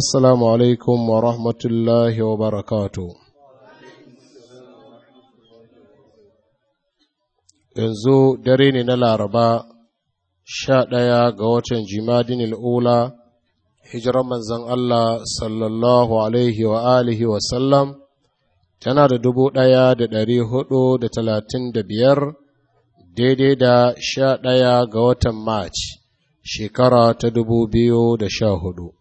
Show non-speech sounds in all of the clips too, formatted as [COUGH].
السلام alaikum wa rahmatullahi wa barakatu. Yanzu dare ne na Laraba, sha ɗaya ga watan jimadin al'ula, hijirar manzan Allah sallallahu alaihi wa alihi wa sallam, tana da dubu ɗaya da ɗari hudu da talatin da biyar, daidai da sha ɗaya ga watan Mac, shekara ta dubu biyu da sha hudu.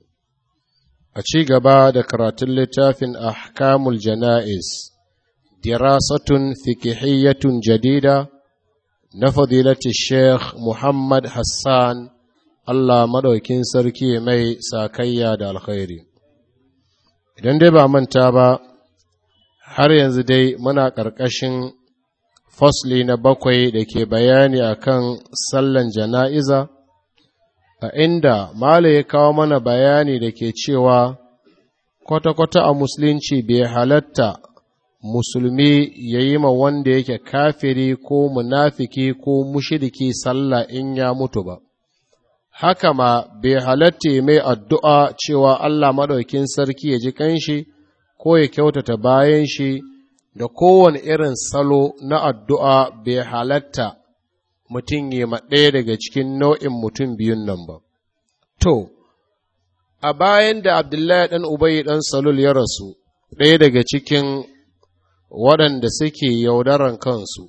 a ci gaba da karatun littafin ahkamul jana'iz dirasatun fikihiyyatun jadida na fadilati sheikh muhammad hassan allah maɗaukin sarki mai sakayya da alkhairi idan dai ba manta ba har yanzu dai muna ƙarƙashin fasli na bakwai da ke bayani akan sallan jana'iza a inda Mala ya kawo mana bayani da ke cewa kwata-kwata a musulunci bai halatta musulmi ya yi ma wanda yake kafiri ko munafiki ko mushiriki sallah in ya mutu ba. Haka ma bai halatta mai addu'a cewa Allah maɗaukin sarki ya ji kanshi ko ya kyautata bayan shi da kowane irin salo na addu'a bai halatta mutum yi ma ɗaya daga cikin nau'in mutum biyun nan ba. To, a bayan da Abdullahi ɗan Ubayi ɗan Salul ya rasu, ɗaya daga cikin waɗanda suke yaudaran kansu,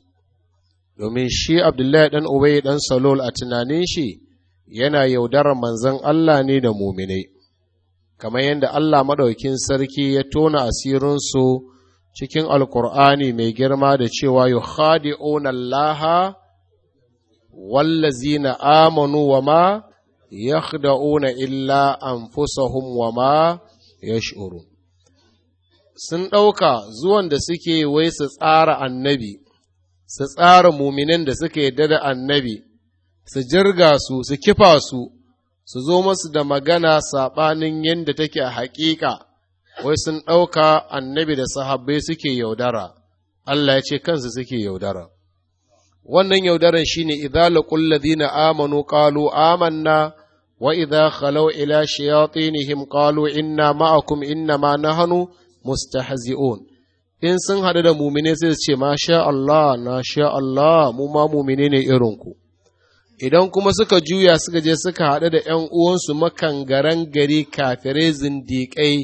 domin shi Abdullahi ɗan Ubayi ɗan Salul a tunanin shi yana yaudarar manzan Allah ne da muminai, kamar yadda Allah maɗaukin sarki ya tona asirinsu cikin Alƙur'ani mai girma da cewa "Yuhadi, Laha wallazina amanu wa ma yakhda'una illa anfusahum wa ma sun ɗauka zuwan da suke wai su tsara annabi su tsara muminin da suka yadda da annabi su jirga su su kifa su su zo masu da magana saɓanin yadda take a haƙiƙa wai sun ɗauka annabi da sahabbai suke yaudara Allah ya ce kansu suke yaudara wannan yaudaran shine idza laqul ladina amanu qalu amanna wa idza khalaw ila shayatinihim qalu inna ma'akum inna ma nahnu mustahzi'un in sun haɗu da mumine sai su ce sha Allah na sha Allah mu ma mumine ne irinku idan kuma suka juya suka je suka haɗu da ‘yan uwansu garan gari kafirai zindiƙai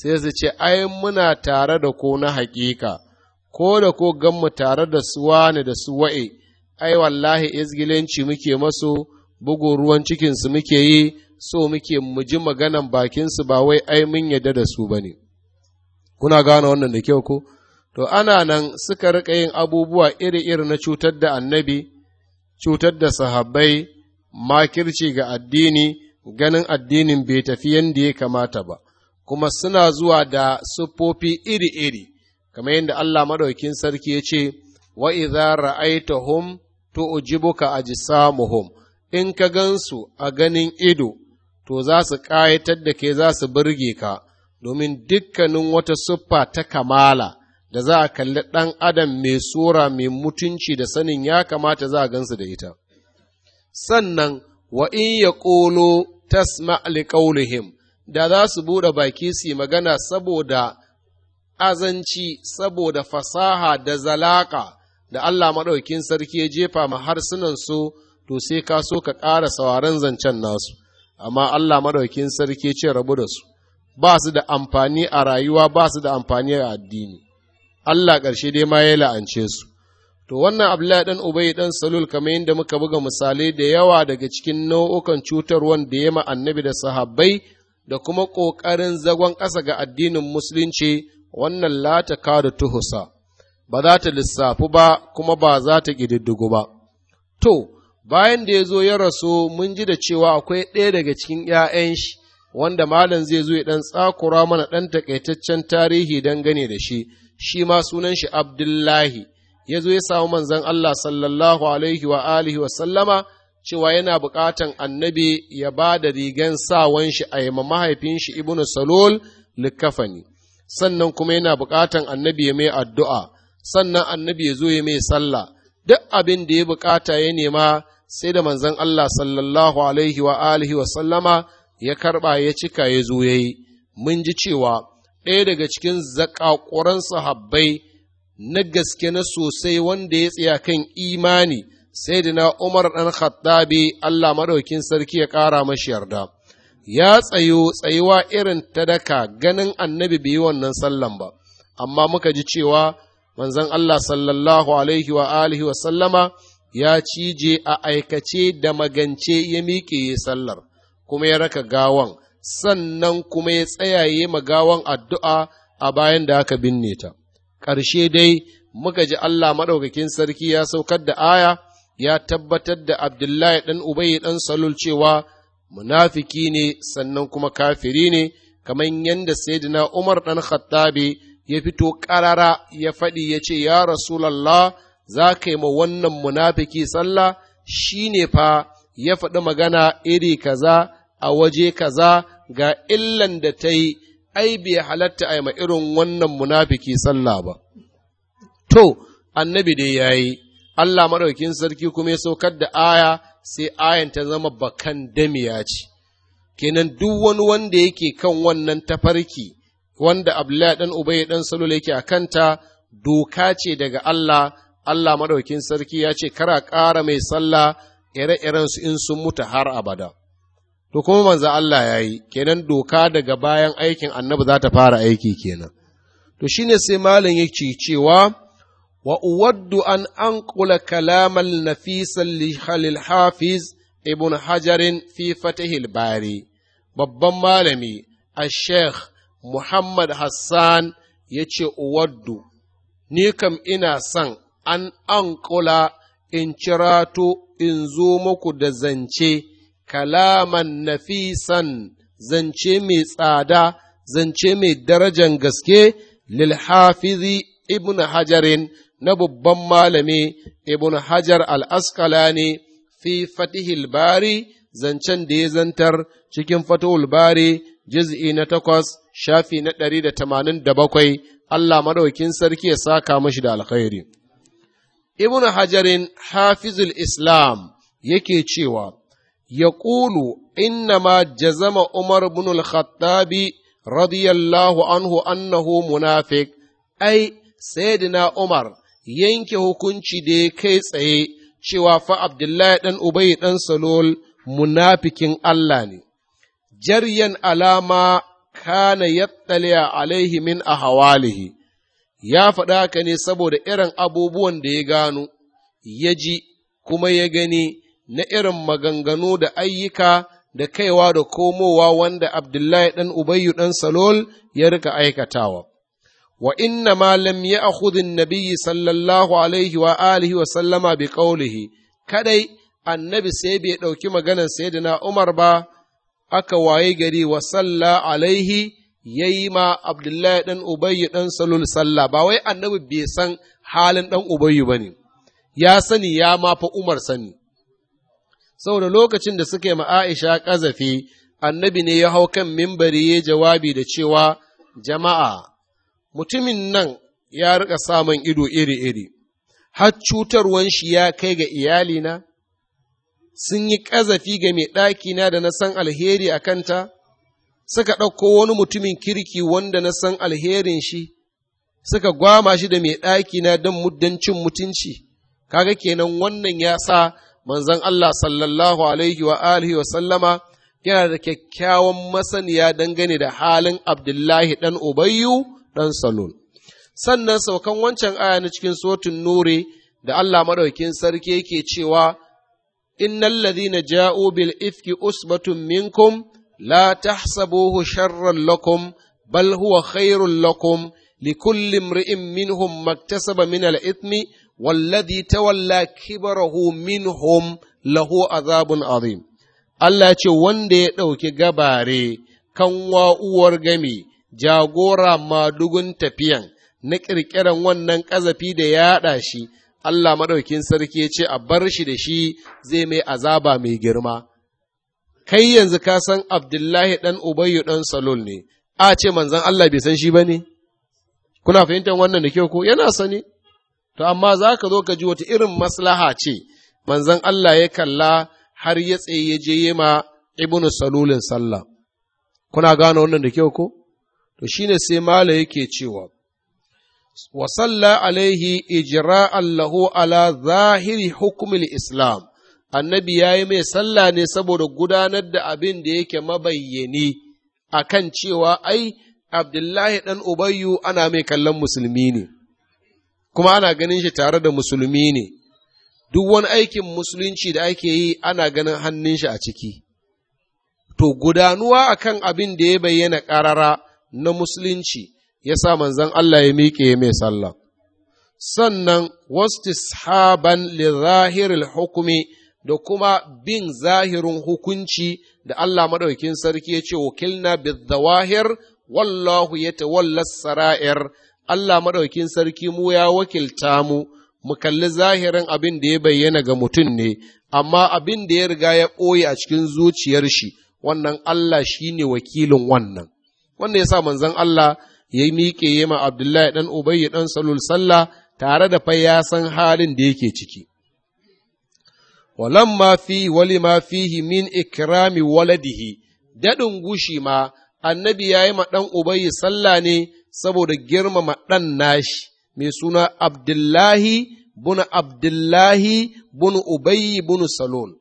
sai su ce ai muna tare da ko na haƙiƙa ko da ko ganmu tare da su wane da su wa'e, ai wallahi izgilenci muke masu bugun ruwan cikinsu muke yi, so muke muji maganan bakinsu ba wai ai mun yadda da su ba ne. Kuna gane wannan da kyau ko? To, ana nan suka riƙa yin abubuwa iri-iri na cutar da annabi, cutar da sahabbai, makirci ga addini, ganin addinin bai tafi yadda ya kamata ba, kuma suna zuwa da siffofi iri-iri. kamar yadda Allah maɗaukin sarki ya ce wa ka aji tu'jibuka ajsamuhum in ka gansu a ganin ido to za su ƙayatar da ke za su burge ka domin dukkanin wata siffa ta kamala da za a kalli ɗan adam mai sura mai mutunci da sanin ya kamata za a gansu da ita sannan wa in ya ƙolo tasma liƙaulihim da za su buɗe baki su yi magana saboda azanci saboda fasaha da zalaka da Allah maɗaukin sarki ya jefa ma su, to sai ka so ka ƙara sauraron zancen nasu amma Allah maɗaukin sarki ce rabu da su ba su da amfani a rayuwa ba su da amfani a addini Allah ƙarshe dai ma ya la'ance su to wannan Abdullahi dan Ubayi ɗan Salul kamar yadda muka buga misalai da yawa daga cikin nau'ukan cutar wanda ya ma annabi da sahabbai da kuma ƙoƙarin zagon ƙasa ga addinin musulunci wannan lata da tuhusa ba za ta lissafu ba kuma ba za ta ƙididdigu ba to bayan da ya zo ya rasu mun ji da cewa akwai ɗaya daga cikin ‘ya'yan shi wanda malam zai zo ya ɗan tsakura mana ɗan taƙaitaccen tarihi don gane da shi shi ma sunan shi abdullahi ya zo ya samu manzan Allah sallallahu alaihi wa alihi wa sallama cewa yana buƙatan annabi ya ba da rigan sawan shi a yi mahaifin shi ibnu salol likafani sannan kuma yana bukatan annabi ya mai addu'a sannan annabi ya zo ya mai sallah duk abin da ya bukata ya nema sai da manzon Allah sallallahu alaihi wa alihi wa sallama ya karɓa ya cika ya zo ya yi mun ji cewa ɗaya daga cikin zaƙaƙuran sahabbai na gaske na sosai wanda ya tsaya kan imani sai da na umar ɗan khattabi Allah maɗaukin sarki ya ƙara mashi yarda ya tsayo tsayuwa irin ta daka ganin annabi bai yi wannan sallan ba amma muka ji cewa manzon Allah sallallahu alaihi wa alihi wa sallama ya cije a aikace da magance ya miƙe ya sallar kuma ya raka gawan sannan kuma ya tsayaye magawan addu'a a bayan da aka binne ta ƙarshe dai muka ji Allah maɗaukakin sarki ya saukar da aya ya tabbatar da Abdullahi ɗan Ubayi ɗan Salul cewa munafiki ne sannan kuma kafiri ne kamar yadda saidina Umar ɗan Khattabi ya fito ƙarara ya faɗi ya ce ya rasulallah za ka yi ma wannan munafiki sallah shi ne fa ya faɗi magana iri kaza a waje kaza ga illan da ta yi ai bai halatta a ma irin wannan munafiki sallah ba to annabi dai ya yi Allah maɗaukin sarki kuma ya saukar da aya sai ayan ta zama bakan damiya ce kenan duk wani wanda yake kan wannan tafarki wanda abdullahi ɗan Ubaya ɗan salula yake a kanta doka ce daga Allah Allah maɗaukin sarki ya ce kara ƙara mai sallah ire-iren su in sun mutu har abada to kuma manza Allah ya yi kenan doka daga bayan aikin annabi za ta fara aiki kenan to shine sai malam yake cewa wa uwaddu an anƙula kalaman nafisan li halil hafiz ibn hajarin fi babban malami a sheikh muhammad hassan ya ce uwaddu ni kam ina son an anƙula in cirato in zo muku da zance kalaman nafisan zance mai tsada zance mai darajan gaske lil hafizi ibn hajarin na babban malami ibn hajar al-asqalani fi fatihil bari zancen da ya zantar cikin fatihul bari juz'i na takwas shafi na ɗari da tamanin da bakwai Allah maɗaukin sarki ya saka mashi da alkhairi. Ibn Hajarin Hafizul Islam yake cewa, ya ƙulu innama jazama Umar bin al-Khattabi radiyallahu anhu annahu munafiq ai sayyidina Umar yanke hukunci da ya kai tsaye cewa fa Abdullahi ɗan Ubayi ɗan Salol munafikin Allah ne, jaryan alama kana yattaliya alaihi min a hawalihi, ya faɗa ka ne saboda irin abubuwan da ya gano, ya ji kuma ya gani na irin maganganu da ayyuka da kaiwa da komowa wanda Abdullahi ɗan Ubayyu ɗan Salol ya rika aikatawa. wa inna ma lam ya'khudh an-nabiy sallallahu alaihi wa alihi wa sallama bi qawlihi kadai annabi sai bai dauki maganar sayyidina Umar ba aka waye gari wa salla alaihi yayi ma Abdullahi dan Ubayy dan Salul salla ba wai annabi bai san halin dan Ubayy bane ya sani ya ma fa Umar sani saboda lokacin da suke ma Aisha kazafi annabi ne ya hau kan mimbari ya jawabi da cewa jama'a mutumin nan ya riƙa samun ido iri-iri, har cutarwan shi ya kai ga iyalina, sun yi ƙazafi ga mai ɗakina da na san alheri a kanta, suka ɗauko wani mutumin kirki wanda na san alherin shi, suka gwama shi da mai ɗakina don muddancin mutunci, kaga kenan wannan ya sa manzon Allah sallallahu alaihi wa alihi wa sallama yana da kyakkyawan masaniya dangane da halin Abdullahi ɗan Ubayyu. ɗan salon sannan saukan wancan aya na cikin sotin nuri da Allah maɗaukin sarki yake cewa innal ladhina ja'u bil ifki usbatun minkum la tahsabuhu sharran lakum bal huwa khairun lakum لكل امرئ منهم maktasaba اكتسب من الإثم والذي تولى كبره minhum lahu عذاب azim Allah ce wanda ya ɗauki gabare kan wa'uwar gami jagora madugun tafiyan na ƙirƙiran wannan ƙazafi da yaɗa shi, Allah maɗaukin sarki ya ce a bar shi da shi zai mai azaba mai girma. Kai yanzu ka san Abdullahi ɗan Ubayyu ɗan Salul ne, a ce manzan Allah bai san shi ba ne? Kuna fahimtar wannan da kyau ko yana sani? To, amma za ka zo ka ji wata irin maslaha ce, manzan Allah ya kalla har ya tsaye ya je yi ma Ibnu Salulin sallah. Kuna gane wannan da kyau ko? to shine sai mala yake cewa wa salla alaihi ijra'an Allahu ala zahiri hukumin islam annabi ya yi mai sallah ne saboda gudanar da abin da yake mabayyani akan cewa ai abdullahi ɗan ubayyu ana mai kallon musulmi ne kuma ana ganin shi tare da musulmi ne duk wani aikin musulunci da ake yi ana ganin hannun shi a ciki to gudanuwa akan abin da ya bayyana ƙarara na musulunci ya sa manzan Allah ya miƙe mai sallah sannan wastishaban sahaban zahiril hukumi da kuma bin zahirin hukunci da Allah maɗaukin sarki ya ce wakilna bizawahir wallahu ya tawallas sara'ir Allah maɗaukin sarki mu ya wakilta mu mu kalli zahirin abin da ya bayyana ga mutum ne amma abin da ya riga ya ɓoye a cikin zuciyar shi wannan Allah shi ne wakilin wannan wanda ya sa manzon Allah ya yi miƙe ma Abdullahi ɗan Ubayy ɗan Salul sallah tare da fa ya san halin da yake ciki. Walamma fi wali ma fihi min ikrami waladihi daɗin gushi ma annabi ya yi ma ɗan Ubayy sallah ne saboda girmama ɗan nashi mai suna Abdullahi Abdullahi عبد الله بن Salul.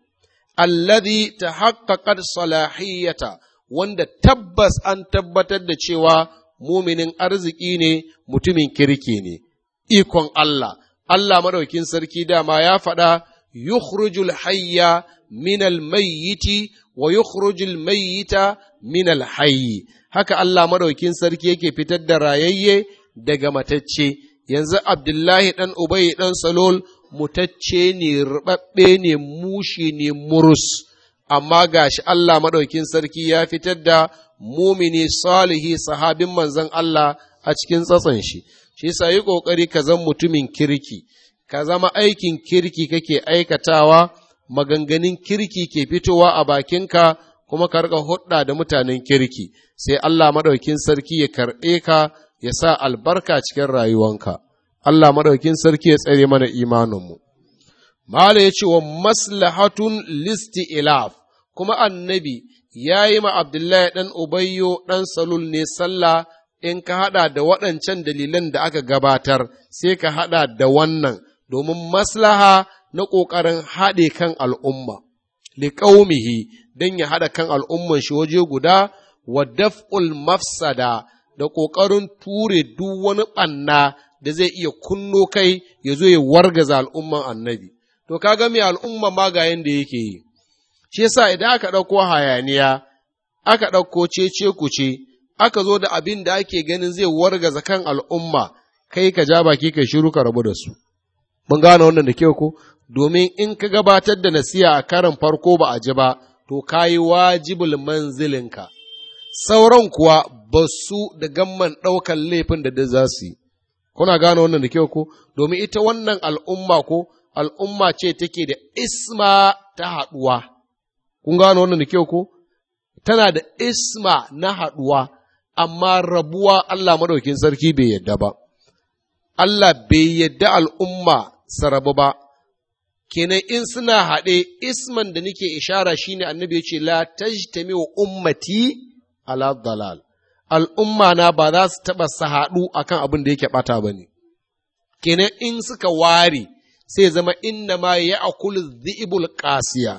بن ta ta salahiyata salahiyyata wanda tabbas an tabbatar da cewa muminin arziki ne mutumin kirki ne ikon Allah Allah madaukin sarki dama ya faɗa yukhrujul hayya minal mayyiti wa yukhrujul mayyita minal hayyi haka Allah madaukin sarki yake fitar da rayayye daga matacce yanzu Abdullahi ɗan Ubayi ɗan Salol mutacce ne rubabbe ne mushi ne murus amma gashi Allah maɗaukin sarki ya fitar da mumini salihi sahabin manzon Allah a cikin tsatson shi shi sa yi ƙoƙari ka zan mutumin kirki ka zama aikin kirki kake aikatawa maganganun kirki ke fitowa a bakinka kuma ka rika hudda da mutanen kirki sai Allah maɗaukin sarki ya karɓe ka ya sa albarka cikin rayuwanka Allah maɗaukin sarki ya tsare mana imaninmu Mala ya ce wa maslahatun listi ilaf, kuma annabi ya yi ma Abdullahi ɗan Ubayyo ɗan Salul ne sallah in ka haɗa da waɗancan dalilan da aka gabatar sai ka haɗa da wannan domin maslaha na ƙoƙarin haɗe kan al'umma, liƙaumihi don ya haɗa kan al'umman shi waje guda wa daf'ul mafsada da ƙoƙarin ture duk wani ɓanna da zai iya kunno kai ya zo ya wargaza al'umman annabi. to kaga mai al'umma magayen da yake yi, shi yasa idan aka ɗauko hayaniya, aka ɗauko cece kuce, aka zo da abin da ake ganin zai warga zakan al'umma, kai ka ja baki kai shiru ka rabu da su. Mun gane wannan da kyau ko? Domin in ka gabatar da nasiha a karin farko ba a ji ba, to ka yi wajibul manzilinka. Sauran kuwa ba su da gamman ɗaukan laifin da duk za su yi. Kuna gane wannan da kyau ko? Domin ita wannan al'umma ko al'umma ce take da isma ta haɗuwa, kun gano wannan da kyau ko? Tana da isma na haɗuwa, amma rabuwa Allah maɗaukin sarki bai yadda ba. Allah bai yadda al'umma sarabu ba, kenan in suna haɗe isman da nake ishara shi ne annabi ya ce la tajtami wa ummati ala dalal al'umma na ba za su taɓa su haɗu akan abin da yake ɓata ba ne kenan in suka ware sai zama inna ma ya akulu zibul qasiya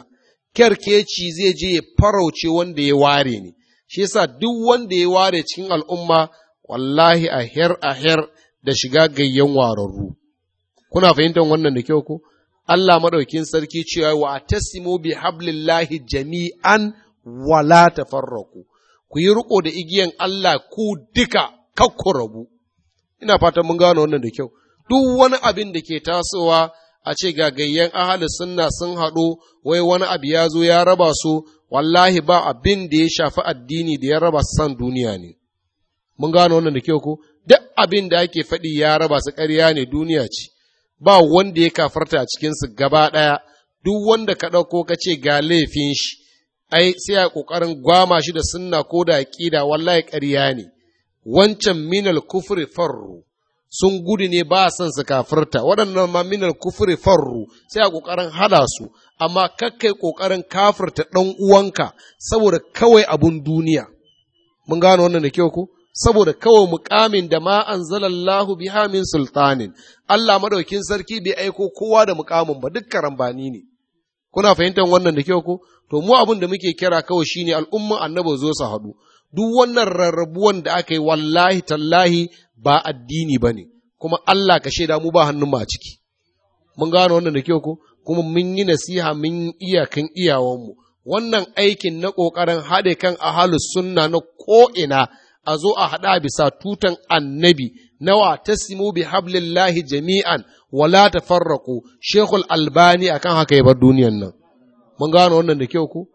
kerkeci zai je ya farauce wanda ya ware ne shi yasa duk wanda ya ware cikin al'umma wallahi a her a her da shiga gayyan wararru kuna fahimtar wannan da kyau ko Allah madaukin sarki cewa wa tasimu bi hablillahi jami'an wala tafarraku ku yi riko da igiyan Allah ku duka kakku rabu ina fatan mun gano wannan da kyau duk wani abin da ke tasowa a ce gagayyen ahalin sunna sun haɗu wai wani abu ya zo ya raba su wallahi ba abin da ya shafi addini da ya raba san duniya ne mun gano wannan da kyau ko duk abin da ake faɗi ya raba su ƙarya ne duniya ce ba wanda ya kafarta a cikinsu gaba ɗaya duk wanda ka ɗauko ka ce ga laifin shi ai sai a ƙoƙarin gwama shi da sunna ko da aƙida wallahi ƙarya ne wancan minal kufri farru sun gudu ne ba son su kafirta waɗannan ma minal farru sai a ƙoƙarin hada su amma kakkai ƙoƙarin kafirta ɗan uwanka saboda kawai abun duniya mun gano wannan da kyau ku saboda kawai mukamin da ma anzalallahu biha min sultanin Allah madaukin sarki bai aiko kowa da mukamin ba duk karambani ne kuna fahimtar wannan da kyau ku to mu abun da muke kira kawai shine al'umma annabi zo su haɗu duk wannan rarrabuwan da aka yi wallahi tallahi ba addini ba ne kuma Allah ka shaida mu ba hannun ma a ciki mun gano wannan da kyau ko kuma mun yi nasiha mun yi iyakan iyawanmu wannan aikin na ƙoƙarin haɗe kan halus sunna na ko'ina a zo a haɗa bisa tutan annabi nawa ta simu bi hablillahi jami'an wala ta farraku shekul albani akan haka ya bar duniyan nan mun gano wannan da kyau ku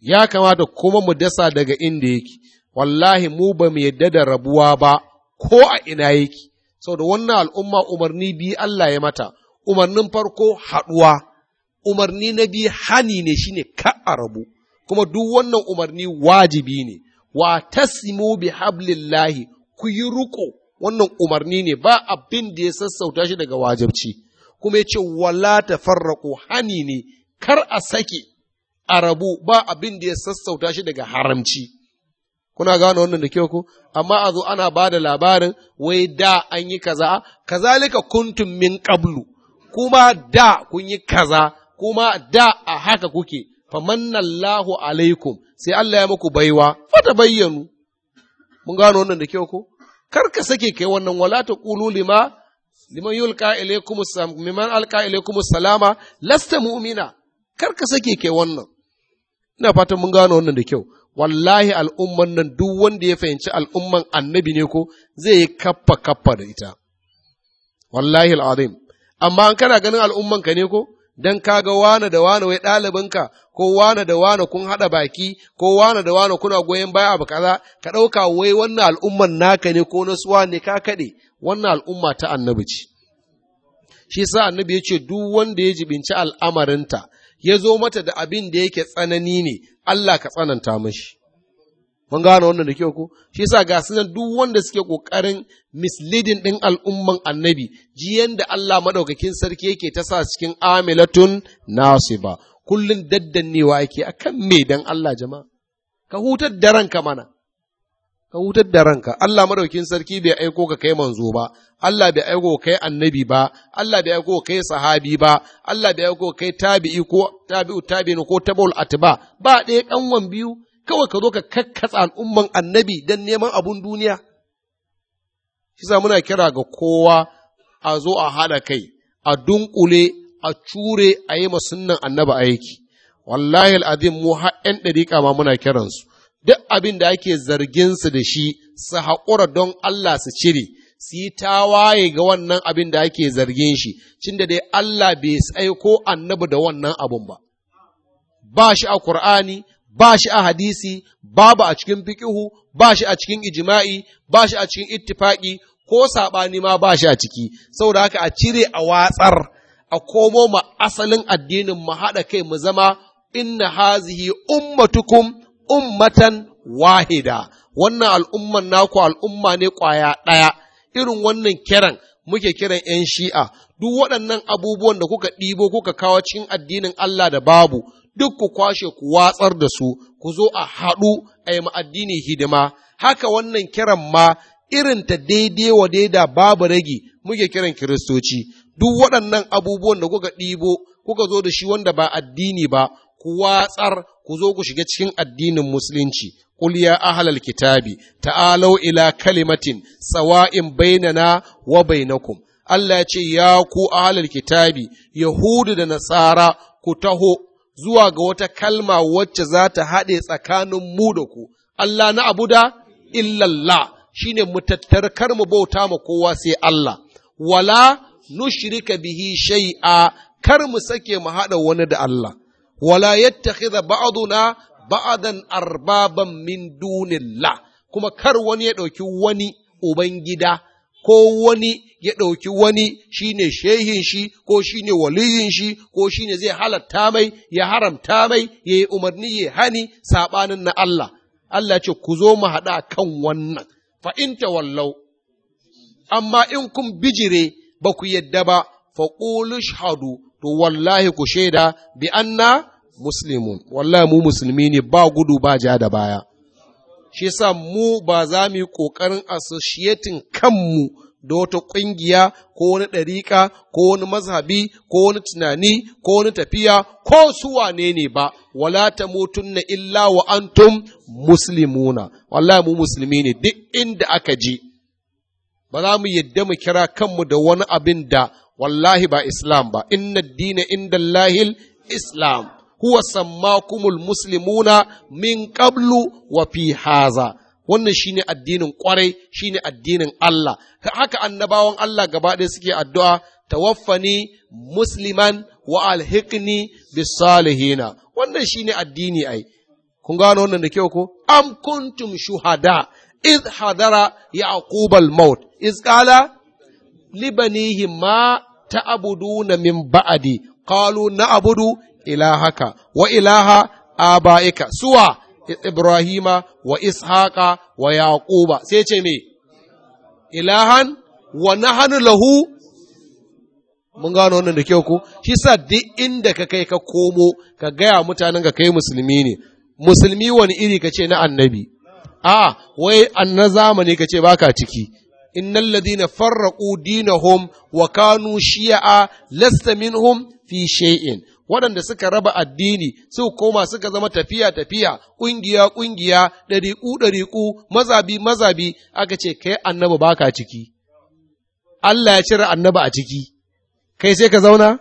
ya kamata kuma mu dasa daga inda yake wallahi mu ba mu yadda da rabuwa ba ko a ina yake saboda wannan al'umma umarni biyu Allah ya mata umarnin farko haɗuwa umarni na biyu hani ne shine ka a rabu kuma duk wannan umarni wajibi ne wa tasimu bi hablillahi ku yi ruko wannan umarni ne ba abin da ya sassauta shi daga wajibci kuma yace wala tafarraqu hani ne kar a sake a rabu ba abin da ya sassauta shi daga haramci kuna gano wannan da kyau ko amma a zo ana ba da labarin wai da an yi kaza kazalika kuntum min qablu kuma da kun yi kaza kuma da a haka kuke fa mannallahu alaikum sai Allah ya muku baiwa fa ta bayyanu mun gano wannan da kyau ko kar ka sake kai wannan wala ta qulu lima liman yulqa ilaykum miman alqa ilaykum assalama lasta mu'mina kar ka sake kai wannan ina fatan mun gano wannan da kyau wallahi al'umman nan duk wanda ya fahimci al'umman annabi ne ko zai yi kappa kappa da ita wallahi al’adim, amma an kana ganin al'umman ka ne ko ka kaga wane da wane wai ɗalibinka ko wane da wane kun haɗa baki ko wane da wane kuna goyon baya abu kaza ka ɗauka wai wannan al'umman naka ne ko nasuwa ne ka kaɗe wannan al'umma ta annabi ce shi sa annabi ya ce duk wanda ya jibinci al'amarinta ya zo mata da abin da yake tsanani ne Allah ka tsananta mashi mun gano wannan da kyau ko shi yasa ga su nan duk wanda suke kokarin misleading ɗin al'umman annabi ji yanda Allah madaukakin sarki yake ta sa cikin amilatun nasiba kullun daddannewa yake akan me dan Allah jama'a ka hutar da ranka mana ka hutar da ranka Allah madaukin sarki bai aiko ka kai manzo ba Allah bai aiko kai annabi ba Allah bai aiko kai sahabi ba Allah bai aiko kai tabi'i ko tabi'u tabi'in ko tabul atba ba ɗaya kanwan biyu kawai ka zo ka kakkatsa al'umman annabi dan neman abun duniya kisa muna kira ga kowa a zo a haɗa kai a dunkule a cure a yi masunnan annaba aiki wallahi al'azim mu har 'yan ɗariƙa ma muna kiransu duk abin da ake zarginsu da shi su haƙura don Allah su cire, su yi tawaye ga wannan abin da ake zargin shi, cinda dai Allah bai ko annabi da wannan abun ba. Ba shi a Kur'ani, ba shi a hadisi, babu a cikin fikihu, ba shi a cikin ijima'i, ba shi a cikin ittifaƙi, ko saɓani ma ba shi a ciki, saboda haka a cire a watsar, a komo ma asalin addinin mu haɗa kai mu zama inna hazihi ummatukum ummatan wahida wannan al'umman naku al'umma ne ƙwaya ɗaya irin wannan kiran muke kiran 'yan shi'a duk waɗannan abubuwan da kuka ɗibo kuka kawo cikin addinin Allah da babu duk ku kwashe ku watsar da su ku zo a haɗu a yi addini hidima haka wannan kiran ma irin ta daidai wa daida babu ragi muke kiran kiristoci duk waɗannan abubuwan da kuka ɗibo kuka zo da shi wanda ba addini ba ku watsar ku zo ku shiga cikin addinin musulunci qul ya ahlal kitabi ta'alau ila kalimatin sawa'in bainana wa bainakum Allah ya ce ya ku ahlal kitabi yahudu da nasara ku taho zuwa ga wata kalma wacce za ta haɗe tsakanin mu da ku Allah na abuda illallah shine mu kar mu bauta ma kowa sai Allah wala nushrika bihi shai'a kar mu sake mu haɗa wani da Allah wala yattakhidha ba'duna ba'adan arbaban min dunillah kuma kar wani ya ɗauki wani ubangida ko wani ya ɗauki wani shine shehin shi ko shine waliyin shi ko shine zai halatta mai ya haramta mai ya yi umarni ya hani saɓanin na Allah Allah ce ku zo mu haɗa kan wannan fa in amma in kun bijire ba ku yadda ba fa qulu shahadu to wallahi ku shaida bi anna muslimun wallahi mu musulmi ne ba gudu ba ja da baya shi yasa mu ba za mu yi ƙoƙarin associating kanmu da wata ƙungiya ko wani ɗariƙa ko wani mazhabi ko wani tunani ko wani tafiya ko su wane ne ba wala ta mutunna illa wa antum muslimuna wallahi mu musulmi ne duk inda aka je ba za mu yadda mu kira kanmu da wani abin da wallahi ba islam ba inna dina inda lahil islam huwa sammakumul muslimuna min qablu wa fi haza wannan shine addinin kwarai shine addinin Allah haka annabawan Allah gaba ɗaya suke addu'a tawaffani musliman wa alhiqni bis salihina wannan shine addini ai kun gano wannan da kyau ko am kuntum shuhada iz hadara yaqub maut iz qala libanihi ma ta'buduna min ba'adi qalu na'budu ilahaka wa ilaha abaika suwa ibrahima wa ishaqa wa yaquba sai ce me ilahan wa nahnu lahu mun gano wannan da kyau ko shi sa duk inda ka kai ka komo ka gaya mutanen ka kai musulmi ne musulmi wani iri ka ce na annabi a wai an na zamani ka ce baka ciki innal ladina farraqu dinahum wa kanu shi'a lasta hum fi waɗanda suka raba addini suka koma suka zama tafiya tafiya ƙungiya ƙungiya ɗariƙu ɗariƙu mazabi mazabi aka ce kai annabi baka ciki Allah ya cire annabi a ciki kai sai ka zauna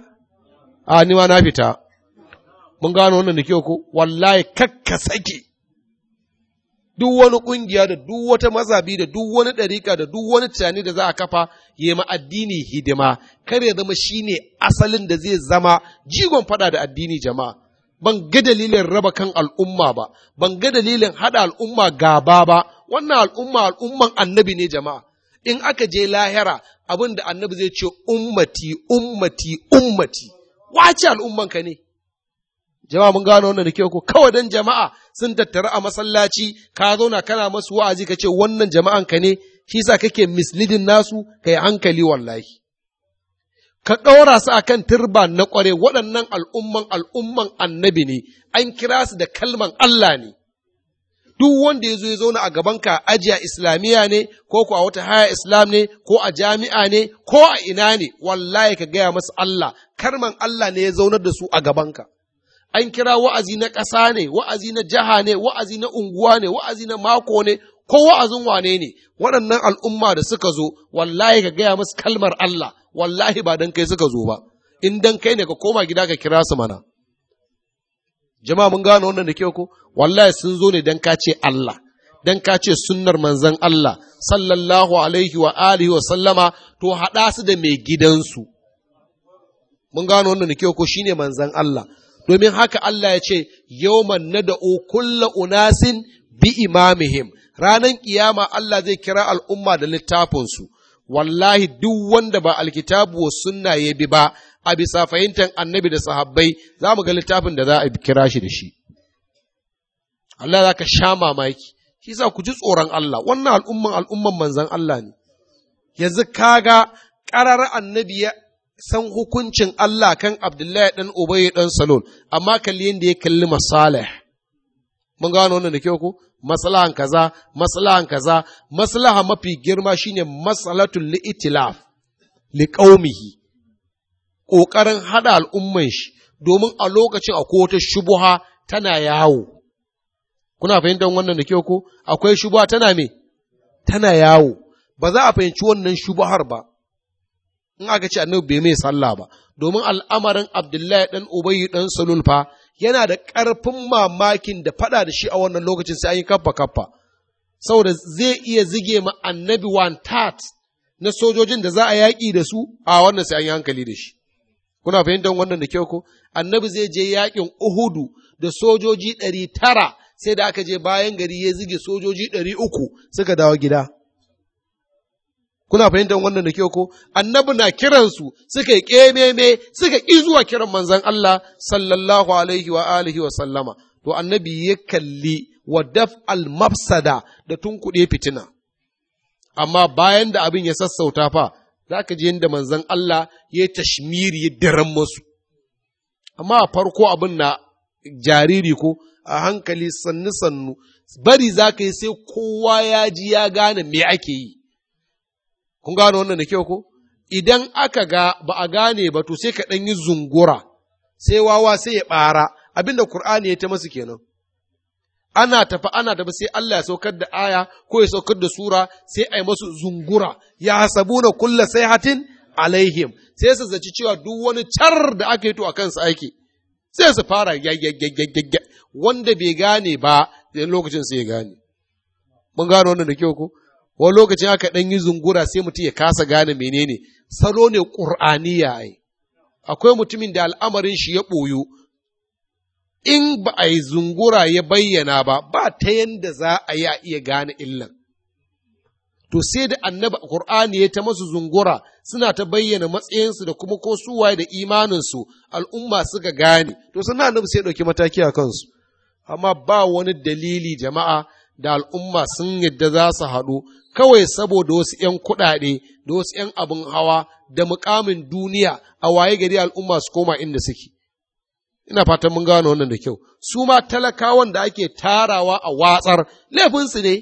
a ni ma na fita mun gano wannan da kyau ko wallahi kakka sake duk wani ƙungiya da duk wata mazabi da duk wani ɗariƙa da duk wani tunani da za a kafa ya ma addini hidima kar ya zama shi ne asalin da zai zama jigon faɗa da addini jama'a ban ga dalilin raba kan al'umma ba ban ga dalilin haɗa al'umma gaba ba wannan al'umma al'umman annabi ne jama'a in aka je lahira abin da annabi zai ce ummati ummati ummati wace al'umman ka ne jama'a mun gano wannan da kyau ko kawai dan jama'a sun tattara a masallaci ka zauna kana masu wa'azi ka ce wannan jama'an ka ne shi sa kake mislidin nasu ka yi hankali wallahi ka ɗora su akan turba na ƙware waɗannan al'umman al'umman annabi ne an kira su da kalman Allah ne duk wanda ya zo ya zauna a gabanka a ajiya islamiyya ne ko ko a wata haya islam ne ko a jami'a ne ko a ina ne wallahi ka gaya masu Allah karman Allah ne ya zaunar da su a gabanka an kira wa'azi na ƙasa ne, wa'azi na jiha ne, wa'azi na unguwa ne, wa'azi na mako ne, ko wa'azin wane ne, waɗannan al'umma da suka zo, wallahi ka gaya musu kalmar Allah, wallahi ba don kai suka zo ba, in don kai ne ka koma gida ka kira su mana. Jama'a mun gane wannan da kyau ko? Wallahi sun zo ne don ka ce Allah, don ka ce sunnar manzan Allah, sallallahu alaihi wa alihi wa sallama, to haɗa su da mai gidansu. Mun gane wannan da kyau ko shine manzan Allah. domin haka Allah ya ce, Yawman na da'o kulla unasin bi imamihim, Ranan ƙiyama Allah zai kira al'umma da littafinsu, wallahi duk wanda ba alkitabu wa sunna ya bi ba, a bisa fahimtar annabi da sahabbai za mu ga littafin da za a kira shi da shi. Allah za ka sha mamaki, shi sa ku ji tsoron Allah, wannan al'umman al'umman manzan Allah ne. Yanzu kaga ƙarar annabi san hukuncin Allah kan Abdullahi ɗan Ubayy ɗan Salon, amma kalli yadda ya kalli masalih. Mun gano wannan da kyau ko? Maslahan kaza, maslahan kaza, maslaha mafi girma shine masalatul li'itilaf li qaumihi. Ƙoƙarin haɗa al'umman shi domin a lokacin akwai wata shubuha tana yawo. Kuna fahimtar wannan da kyau ko? Akwai shubuha tana me? Tana yawo. Ba za a fahimci wannan shubuhar ba, in aka ce annabi bai mai sallah ba domin al'amarin abdullahi dan ubayi dan salul fa yana da ƙarfin mamakin da faɗa da shi a wannan lokacin sai an yi kaffa kaffa saboda zai iya zige ma annabi wantat na sojojin da za a yaƙi da su a wannan sai an yi hankali da shi kuna fahimtar wannan da kyau ko annabi zai je yaƙin uhudu da sojoji ɗari tara sai da aka je bayan gari ya zige sojoji ɗari uku suka dawo gida kuna fahimtar wannan da kyau ko annabi na kiransu suka yi kememe suka ƙi zuwa kiran manzon Allah sallallahu alaihi wa alihi wa sallama to annabi ya kalli wa daf al mafsada da tunkuɗe fitina amma bayan da abin ya sassauta fa za ka ji yadda manzon Allah ya tashmiri ya daren masu amma a farko abin na jariri ko a hankali sannu sannu bari za ka yi sai kowa ya ji ya gane me ake yi Kun gano wannan da kyau ko? Idan aka ga ba a gane ba to sai ka ɗan yi zungura, sai wawa sai ya ɓara, abinda Kur'ani ya ta masu kenan. Ana tafi ana tafi sai Allah ya saukar da aya ko ya saukar da sura sai a yi masu zungura, ya hasabu na kulla sai hatin alaihim, sai su zaci cewa duk wani car da aka yi to a kansu aiki. Sai su fara wanda bai gane ba, lokacin sai ya gane. Mun gano wannan da kyau ko? wani lokacin aka ɗan yi zungura sai mutum ya kasa gane menene salo ne ƙur'aniya ai akwai mutumin da al'amarin shi ya ɓoyo in ba a yi zungura ya bayyana ba ba ta yadda za a yi a iya gane illan to sai da annaba ƙur'ani ya ta masu zungura suna ta bayyana matsayinsu da kuma ko suwaye da imaninsu al'umma suka gane to suna annabi sai ɗauki mataki a kansu amma ba wani dalili jama'a da al'umma sun yadda za su haɗu kawai saboda wasu ‘yan kuɗaɗe da wasu ‘yan abin hawa da mukamin duniya a waye gari al'umma su koma inda suke. Ina fatan mun gano wannan da kyau, su ma talakawan da ake tarawa a watsar laifinsu ne,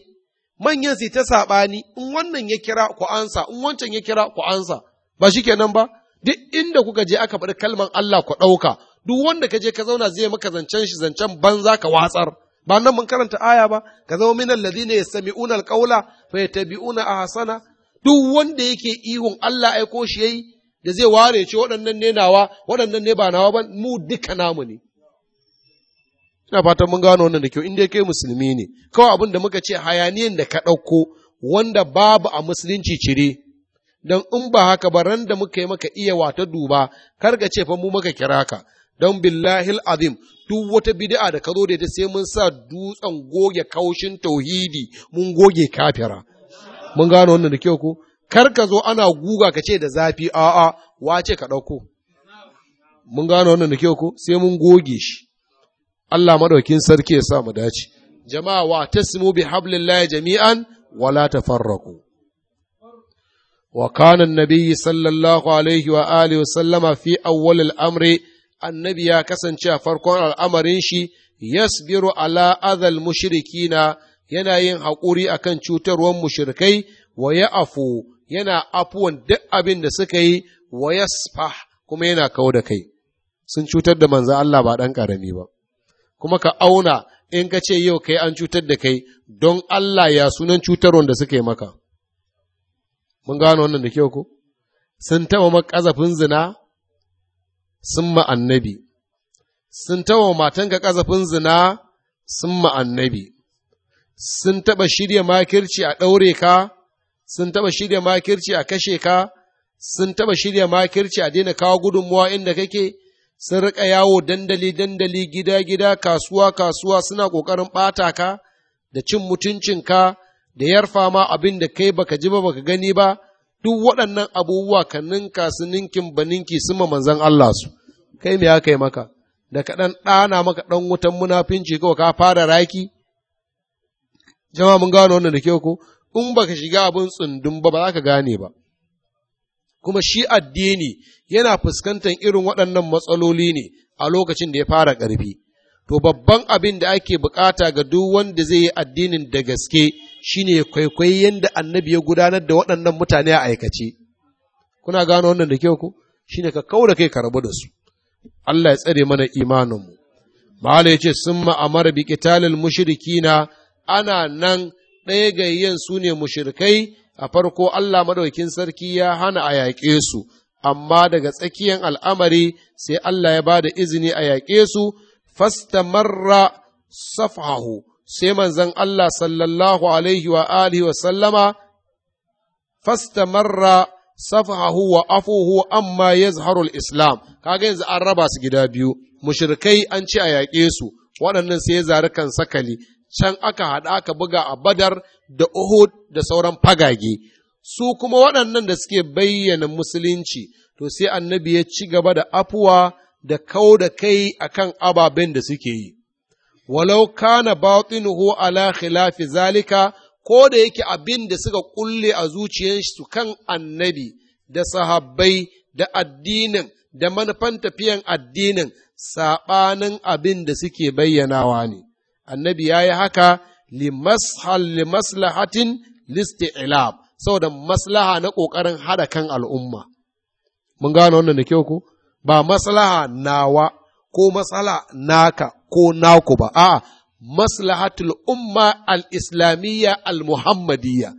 manyan su ta saɓani in wannan ya kira ku ansa, in wancan ya kira ku ansa, ba shi kenan ba, duk inda kuka je aka faɗi kalman Allah ku ɗauka, duk wanda ka je ka zauna zai maka zancen shi zancen banza ka watsar. ba nan mun karanta aya ba ka zama minal sami yastami'una alqawla fa a ahsana duk wanda yake ihun Allah aiko shi yayi da zai ware ce waɗannan ne nawa waɗannan ne ba nawa ba mu duka namu ne ina fatan mun gano wannan da kyau in dai kai musulmi ne kawai abin da muka ce hayaniyan da ka ɗauko wanda babu a musulunci cire don in ba haka ba ran da muka yi maka iya wata duba kar ka ce fa mu muka kira ka don billahil azim duk wata bid'a da ka zo da ita sai mun sa dutsen goge kaushin tauhidi mun goge kafira mun gano wannan da kyau ko kar ka zo ana guga ka ce da zafi a'a wace ka ɗauko mun gano wannan da kyau ko sai mun goge shi Allah madaukin sarki ya sa mu dace jama'a wa tasmu bi hablillahi jami'an wala tafarraqu wa kana an sallallahu alaihi wa alihi wa sallama fi awwal amri annabi ya kasance a farkon al'amarin shi yasbiru ala azal mushrikina yana yin haƙuri a kan cutarwar mushrikai wa ya afu yana afuwan duk abin da suka yi wa yasfah kuma yana kawo da kai sun cutar da manzan Allah ba ɗan ƙarami ba kuma ka auna in ka ce yau kai an cutar da kai don Allah ya sunan cutar wanda suka yi maka mun gano wannan da kyau ko sun taɓa maka zina sun ma’annabi, sun taɓa matan matanka ƙazafin zina sun ma’annabi, sun taɓa shirya makirci a ɗaure ka, sun taɓa shirya makirci a kashe ka, sun taɓa shirya makirci a daina kawo gudunmuwa inda kake, sun riƙa yawo dandali-dandali gida-gida kasuwa-kasuwa suna ƙoƙarin ɓata ka da cin mutuncinka da yarfa ma abin da kai baka ji ba baka gani ba. duk waɗannan abubuwa ka ninka su ninkin ba ninki su ma manzan Allah su kai me ya kai maka da ka ɗan ɗana maka ɗan wutan munafinci kawai ka fara raki jama'a mun gano wannan da kyau ko in baka shiga abin tsundun ba ba za ka gane ba kuma shi addini yana fuskantar irin waɗannan matsaloli ne a lokacin da ya fara ƙarfi to babban abin da ake bukata ga duk wanda zai yi addinin da gaske shine kwaikwayi yadda annabi ya gudanar da waɗannan mutane a aikace kuna gano wannan da kyau Shi shine ka kaura kai ka rabu da su Allah ya tsare mana imaninmu Mahala ya ce sun ma'amara bi qitalil mushrikina ana nan ɗaya gayyan su ne mushrikai a farko Allah madaukin sarki ya hana a yaƙe su amma daga tsakiyar al'amari sai Allah ya ba da izini a yaƙe su fasta fastamarra safahu sai manzan Allah sallallahu alaihi wa alihi wa sallama fastamarra safahu wa afuhu amma ya yazharul islam kaga yanzu an raba su gida biyu mushrikai an ci a yaƙe su waɗannan sai zari kan sakali can aka haɗa aka buga a badar da uhud da sauran fagage su kuma waɗannan da suke bayyana musulunci to sai annabi ya ci gaba da afuwa da kau da kai akan ababen da suke yi walau kana batinuhu ala khilafi zalika ko da yake abin da suka kulle a zuciyarsu kan annabi da sahabbai da addinin da manufan tafiyan addinin saɓanin abin da suke bayyanawa ne annabi ya yi haka limaslahatin listi'ilab saboda maslaha na ƙoƙarin haɗa kan al'umma mun gane wannan da kyau ko ba maslaha nawa ko matsala naka ko naku ba a'a maslahatul umma al-islamiyya al-muhammadiyya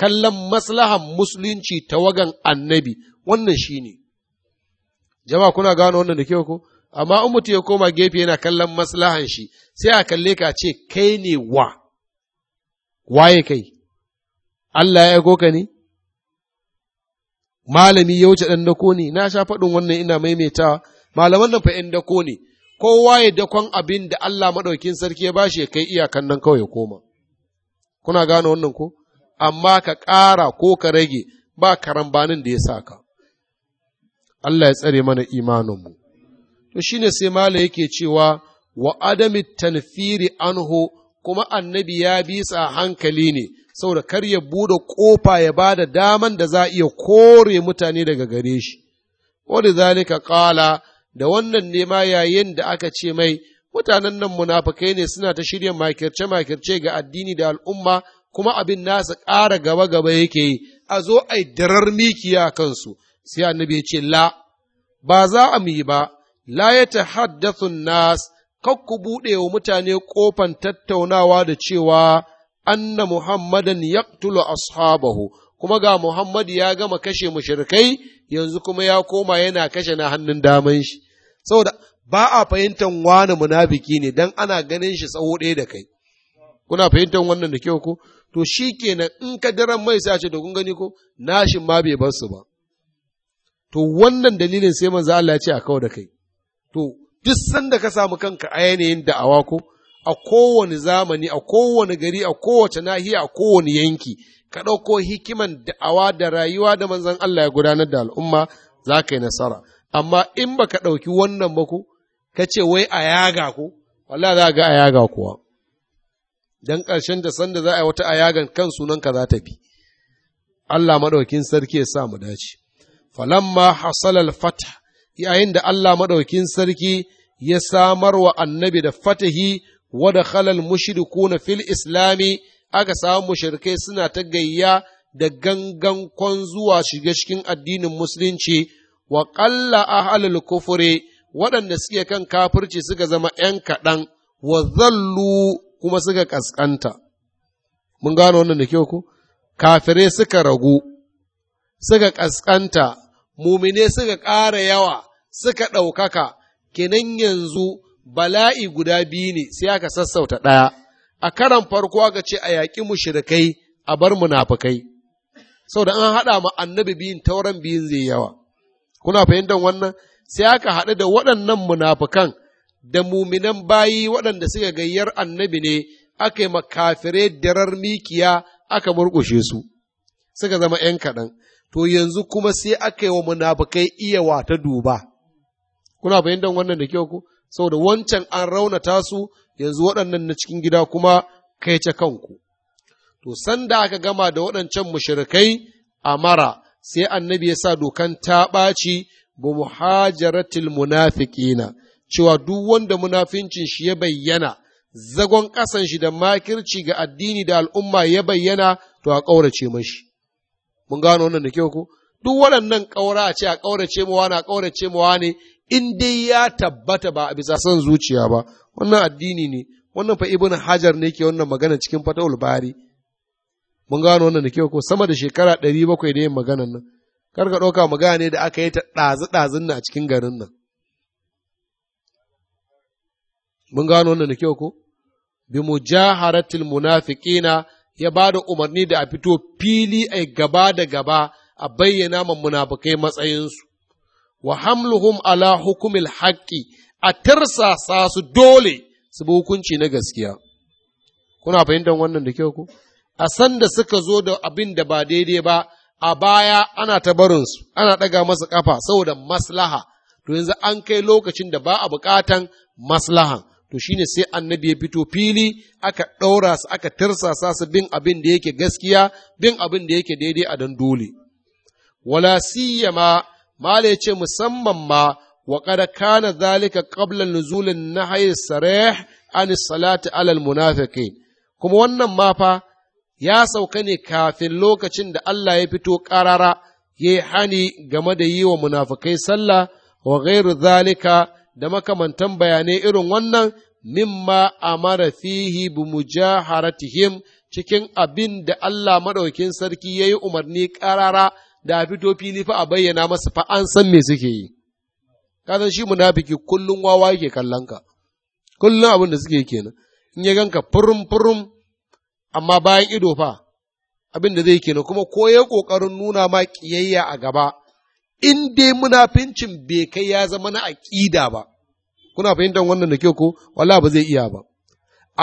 kallon maslahan musulunci tawagan annabi wannan shine jama'a kuna gano wannan da kyau ko amma in mutum ya koma gefe yana kallon maslahan shi sai a kalle ka ce kai ne wa waye kai Allah ya aiko ka ne malami ya wuce dan dako ne na sha faɗin wannan ina maimaitawa malaman nan fa dako ne kowa ya dakon abin da Allah maɗaukin sarki ya ba shi ya kai iyakan nan kawai ya koma. Kuna gane wannan ko? Amma ka ƙara ko ka rage ba karambanin da ya sa ka. Allah ya tsare mana imaninmu. To shi ne sai Mala yake cewa wa adami tanfiri anhu kuma annabi ya bisa hankali ne saboda kar ya bude kofa ya ba da daman da za a iya kore mutane daga gare shi. Wadda zalika ƙala da wannan nema yayin da aka ce mai mutanen nan munafukai ne suna ta shirya makirce-makirce ga addini da al'umma kuma abin nasa ƙara gaba-gaba yake yi a zo a yi darar mikiya kansu sai annabi ya ce la ba za a yi ba la ya ta haddathun nas kakku buɗe wa mutane ƙofan tattaunawa da cewa anna muhammadan yaqtulu ashabahu kuma ga muhammad ya gama kashe mushrikai yanzu kuma ya koma yana kashe na hannun daman shi saboda ba a fahimtar wani munafiki ne don ana ganin shi tsawo ɗaya da kai kuna fahimtar wannan da kyau ko to shi kenan in ka daren mai sa ce to kun gani ko nashin ma bai bar su ba to wannan dalilin sai manzo Allah ya ce a kawo da kai to duk sanda ka samu kanka a yanayin da'awa ko a kowane zamani a kowane gari a kowace nahiya a kowane yanki ka ɗauko hikiman da'awa da rayuwa da manzan Allah ya gudanar da al'umma za ka yi nasara amma in ba ka ɗauki wannan ba ka ce wai a yaga ku. walla za ga a yaga kuwa don ƙarshen da sanda za a yi wata a yagan kan sunanka za ta bi Allah maɗaukin sarki ya sa mu dace falamma hasalal fata yayin da Allah maɗaukin sarki ya samar wa annabi da fatahi wa da khalal kuna fil islami aka samu mushrikai suna ta gayya da gangan kwan zuwa shiga cikin addinin musulunci wa ƙalla halal kufure waɗanda suke kan kafirci suka zama ‘yan kaɗan wa zallu kuma suka ƙasƙanta. Mun gano wannan da kyau ku? Kafirai suka ragu, suka ƙasƙanta, mumine suka ƙara yawa, suka ɗaukaka, kinan yanzu bala'i guda biyu ne sai aka sassauta ɗaya. a karan farko aka ce a yaƙi shirkai a bar munafukai saboda an haɗa ma annabi biyun tauran biyun zai yawa kuna fahimtar wannan sai aka haɗu da waɗannan munafukan da muminan bayi waɗanda suka gayyar annabi ne aka yi makafire dirar mikiya aka murƙushe su suka zama ‘yan kaɗan to yanzu kuma sai aka yi wa munafukai iya wata duba kuna fahimtar wannan da kyau ku saboda wancan an raunata su yanzu waɗannan na cikin gida kuma kai ce kanku. To, sanda aka gama da waɗancan mushirikai a mara, sai annabi ya sa dokan ta ɓaci ba muhajaratil munafiƙina cewa duk wanda munafincin shi ya bayyana, zagon ƙasan shi da makirci ga addini da al'umma ya bayyana, to a ƙaurace mashi. Mun gano wannan da kyau ko? Duk waɗannan ƙaura a ce a ƙaurace mawa na ƙaurace mawa ne, in dai ya tabbata ba a bisa son zuciya ba wannan addini ne wannan fa ibn hajar ne ke wannan magana cikin fatawul bari mun gano wannan da kyau ko sama da shekara ɗari bakwai da yin maganan nan kar ka ɗauka magana ne da aka yi ta ɗazu ɗazun nan a cikin garin nan mun gano wannan da kyau ko bi mujaharatil munafiqina ya ba da umarni da a fito fili a gaba da gaba a bayyana ma munafukai matsayinsu wa hamluhum ala hukumil haƙƙi a tirsasa su dole su bi hukunci na gaskiya kuna fahimtar wannan da kyau ku a san da suka zo da abin da ba daidai ba a baya ana ta barinsu ana ɗaga masa kafa saboda maslaha to yanzu an kai lokacin da ba a buƙatan maslaha to shine sai annabi ya fito fili aka ɗaura su aka tirsasa su bin abin da yake gaskiya bin abin da yake daidai a dan dole wala siyama Mala ya ce musamman ma wa kada kana zalika qabla nuzulin nahyi sarih an salati alal munafiqin kuma wannan ma fa ya sauka ne kafin lokacin da Allah ya fito ƙarara ya yi hani game da yi wa munafikai sallah wa ghairu zalika da makamantan bayanai irin wannan mimma amara fihi bi mujaharatihim cikin abin da Allah madaukin sarki yayi umarni ƙarara da a fito fili fa a bayyana masa fa an san me suke yi ka san shi munafiki kullun wawa yake kallon ka kullun abin da suke kenan in ya ganka furum furum amma bayan ido fa abin da zai kenan kuma ko ya kokarin nuna ma kiyayya a gaba in dai munafincin bai kai ya zama na aƙida ba kuna fahimtar wannan da kyau ko wala ba zai iya ba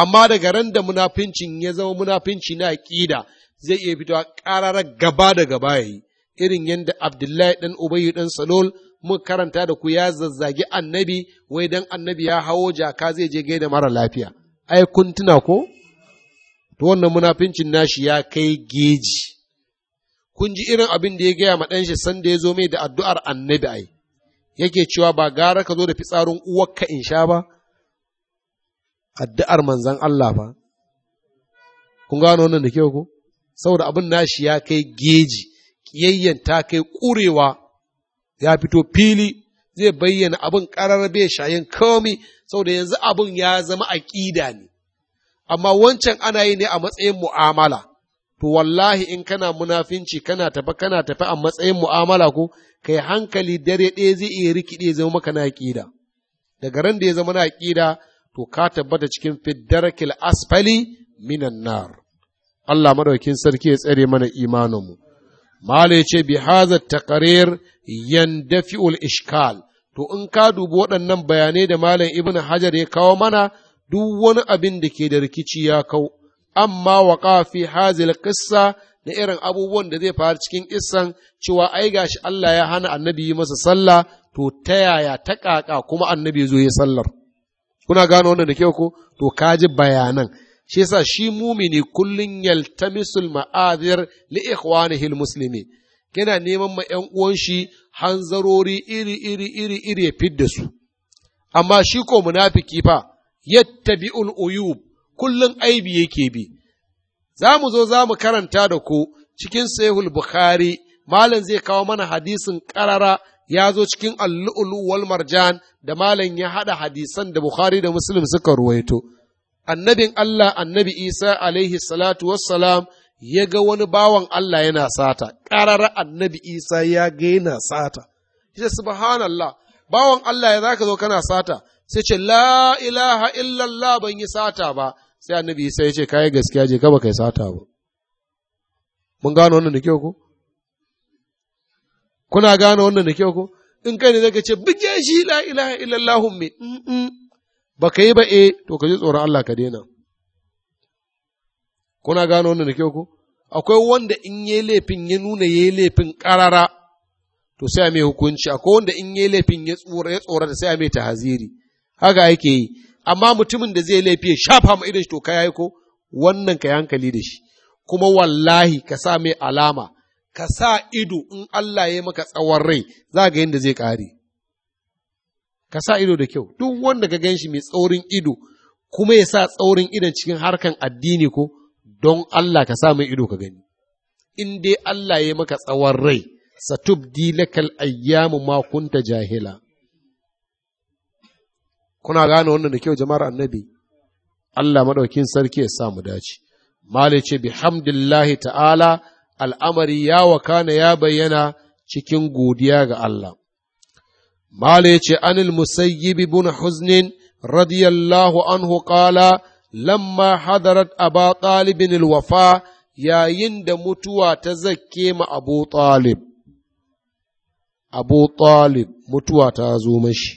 amma daga ran da munafincin ya zama munafinci na aƙida zai iya fitowa ƙararar gaba da gaba yayi irin yadda Abdullahi ɗan Ubayyu ɗan Salol muka karanta da ku ya zazzagi annabi wai dan annabi ya hawo jaka zai je gaida mara lafiya ai kun tuna ko to wannan munafincin nashi ya kai geji kun ji irin abin da ya gaya ma ɗanshi sanda ya zo mai da addu'ar annabi ai yake cewa ba gara ka zo da fitsarin ka in sha ba addu'ar manzan Allah ba kun gano wannan da kyau ko saboda abin nashi ya kai geji ƙiyayyen ta kai ƙurewa ya fito fili zai bayyana abin ƙarar bai shayin komi saboda yanzu abin ya zama aƙida ne amma wancan ana yi ne a matsayin mu'amala to wallahi in kana munafinci kana tafi kana tafi a matsayin mu'amala ko kai hankali dare ɗaya zai iya rikide zama maka na aƙida daga ran da ya zama na aƙida to ka tabbata cikin fiddarakil asfali minan nar Allah madaukin sarki ya tsare mana imaninmu Mala ya ce, bihaza yan yandafi'ul ishkal, to in ka dubi waɗannan bayanai da Malam Ibn Hajar ya kawo mana duk wani abin da ke da rikici ya kau, amma wa ƙafi hazil kissa da irin abubuwan da zai faru cikin isan cewa ai gashi Allah ya hana annabi yi masa sallah to ta yaya ta kaka kuma annabi zo ya sallar. Kuna gano wannan da kyau ko? To kaji bayanan. shi yasa shi mumini kullun yaltamisul ma'azir li ikhwanihi muslimi yana neman ma ƴan uwan shi hanzarori iri iri iri iri ya fidda su amma shi ko munafiki fa yattabi'ul uyub kullun aibi yake bi za mu zo za karanta da ku cikin sahihul bukhari malam zai kawo mana hadisin karara ya zo cikin al-lu'lu wal marjan da malam ya haɗa hadisan da bukhari da muslim suka ruwaito annabin Allah annabi Isa alaihi salatu wassalam ya ga wani bawan Allah yana sata, ƙarar annabi Isa ya ga yana sata. Ita subhanallah, bawan Allah ya zaka zo kana sata, sai ce la ilaha illallah ban yi sata ba, sai annabi Isa ya ce kayi gaskiya je ka ba kai sata ba. Mun gano wannan da kyau ko? Kuna gano wannan da kyau ko? In kai ne zaka ce bige shi la ilaha illallah me. ba ka yi ba e to ka ji tsoron Allah ka daina kuna gano wannan da kyau ko akwai wanda in yi laifin ya nuna ya yi laifin ƙarara to sai a mai hukunci akwai wanda in yi laifin ya tsora da sai a mai haziri, haka yake yi amma mutumin da zai laifi ya shafa ma idan shi to ka yayi ko wannan ka yi hankali da shi kuma wallahi ka sa mai alama ka sa ido in Allah ya maka tsawon rai za ga yadda zai ƙare ka sa ido da kyau duk wanda ka ganshi mai tsaurin ido kuma ya sa tsaurin idon cikin harkan addini ko don Allah ka sa mai ido ka gani in dai Allah ya maka tsawon rai satubdi lakal ayyamu ma kunta jahila kuna gane wannan da kyau jama'ar annabi Allah madaukin sarki ya sa mu dace malai ce bihamdillahi ta'ala al'amari ya wakana ya bayyana cikin godiya ga Allah Mala ya ce, Anil musayyibi bin huznin radiyallahu anhu ƙala, lamma a ba ɗalibin ilwafa yayin da mutuwa ta zakke ma abu ɗalib. Abu ɗalib mutuwa ta zo mashi.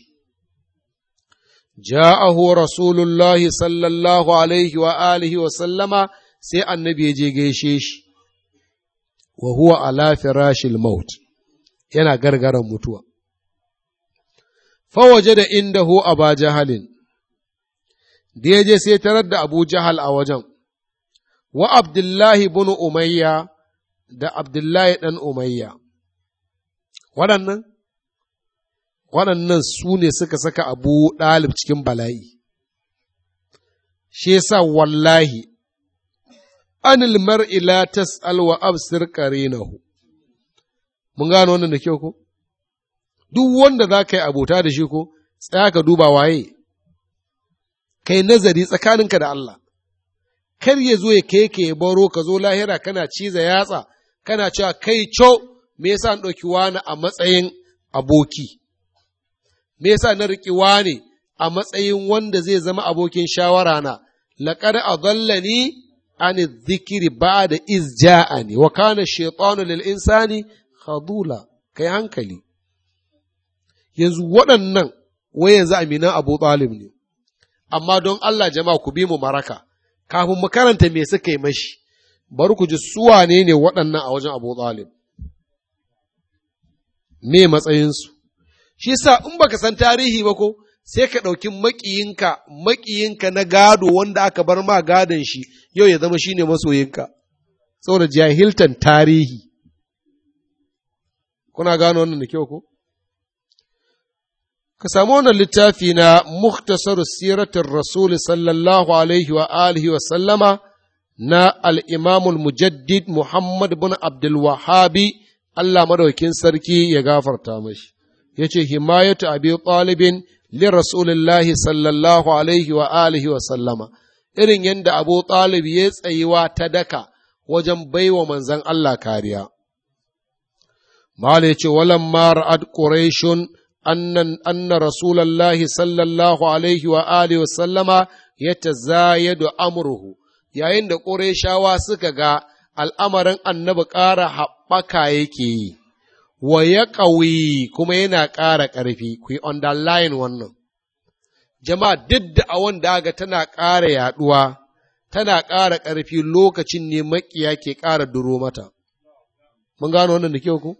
Ja'ahu Rasulullahi sallallahu alaihi wa alihi wa sallama sai annabi ya je gaishe shi, wa huwa ala firashil maut, yana gargaran mutuwa. fawaje da inda ho aba jahalin, da ya je sai tarar da Abu Jahal a wajen, wa Abdullahi bunu Umayya da Abdullahi ɗan Umayya. Waɗannan? Waɗannan su ne suka saka Abu Ɗalib cikin bala'i. Shi sa wallahi, anil mar'i la tas'al wa absir qarinahu. Mun gano wannan da kyau ko? duk wanda za ka yi abota da shi ko tsaya ka duba waye kai nazari tsakaninka da Allah kar ya zo ya kai ka ya baro ka zo lahira kana ciza yatsa kana cewa kai co me yasa an ɗauki wani a matsayin aboki me yasa na riƙi wani a matsayin wanda zai zama abokin shawara na laqad adallani an dhikri ba'da iz ja'ani wa kana shaytanu lil insani khadula kai hankali yanzu waɗannan wai yanzu Amina abu talib ne amma don Allah jama'a ku bi mu maraka kafin mu karanta me suka yi mashi bari ku ji suwa ne ne waɗannan a wajen abu talib me matsayinsu shi sa in baka san tarihi ba ko sai ka ɗauki maƙiyinka maƙiyinka na gado wanda aka bar ma gadon shi yau ya zama shine masoyinka saboda jahiltan tarihi kuna gano wannan da kyau ko ka samu wannan littafi na muktasar siratin rasul sallallahu alaihi wa alihi wa sallama na al'imamul mujaddid Muhammad bin Abdulwahabi Allah madaukin sarki ya gafarta mashi, ya ce, Himayatu abi ɗalibin li Rasulillahi sallallahu alaihi wa alihi wa sallama, irin yadda abu ɗalib ya tsayiwa ta daka wajen baiwa manzan Allah kariya. Mala ya ce, Walan mara'ad annan anna rasulallahi sallallahu alaihi wa alihi wa sallama ya tazayadu amruhu yayin da ƙureshawa suka ga al'amarin annabi ƙara haɓaka yake yi wa ya ƙawi kuma yana ƙara ƙarfi ku yi underline wannan jama'a duk da a wanda aga tana ƙara yaduwa, tana ƙara ƙarfi lokacin ne maƙiya ke ƙara duro mata mun gano wannan da kyau ku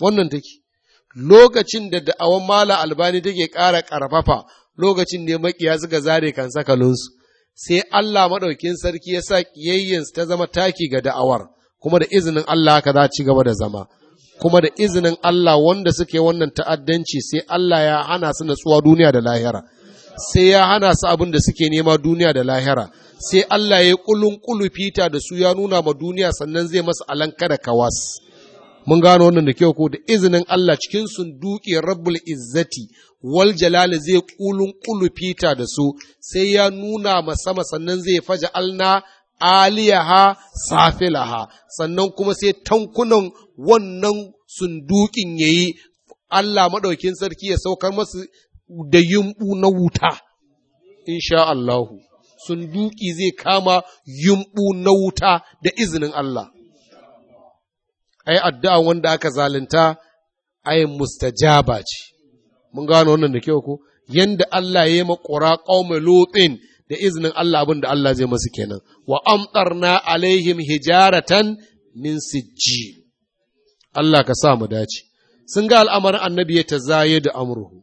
wannan take lokacin da da'awan mala albani take ƙara ƙarfafa lokacin ne makiya suka zare kan sakalinsu sai Allah maɗaukin sarki ya sa ƙiyayyansu ta zama taki ga da'awar kuma da izinin Allah haka za ci gaba da zama kuma da izinin Allah wanda suke wannan ta'addanci sai Allah ya hana su natsuwa duniya da lahira sai ya hana su abin da suke nema duniya da lahira sai Allah ya yi kulun kulufita da su ya nuna ma duniya sannan zai masu alanka da kawas. mun gano wannan da kyau ko da izinin Allah cikin sun duke rabbul izzati wal jalali zai kulun kulufita da su sai ya nuna ma sama sannan zai faja alna aliyaha safilaha sannan kuma sai tankunan wannan sundukin yayi Allah maɗaukin sarki ya saukar masu da yumbu na wuta, insha Allahu, sunduki zai kama yumbu na wuta da izinin Allah. ai addu'a wanda aka zalunta ai mustajaba ce mun gano wannan da kyau ko yanda Allah ya yi maƙura qaumul lutin da izinin Allah abin da Allah zai masu kenan wa amtarna alaihim hijaratan min sijji Allah ka sa mu dace sun ga al'amarin annabi ya tazaye da amruhu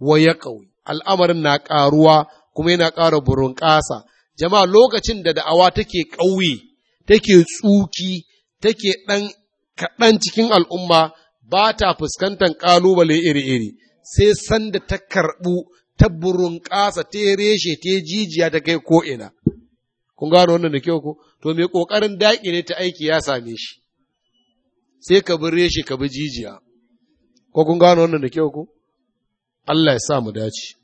wa ya ƙawi al'amarin na ƙaruwa kuma yana ƙara burin ƙasa jama'a lokacin da da'awa take ƙauye take tsuki take ɗan kaɗan cikin al'umma ba ta fuskantar ƙalubale iri-iri, sai sanda ta karɓu ta ƙasa, ta reshe ta jijiya ta kai ko'ina. Kun gano wannan da kyau ku, To, mai ƙoƙarin ne ta aiki ya same shi, sai ka bi reshe ka bi jijiya. Ko kun gano wannan da kyau ku? Allah ya sa mu dace.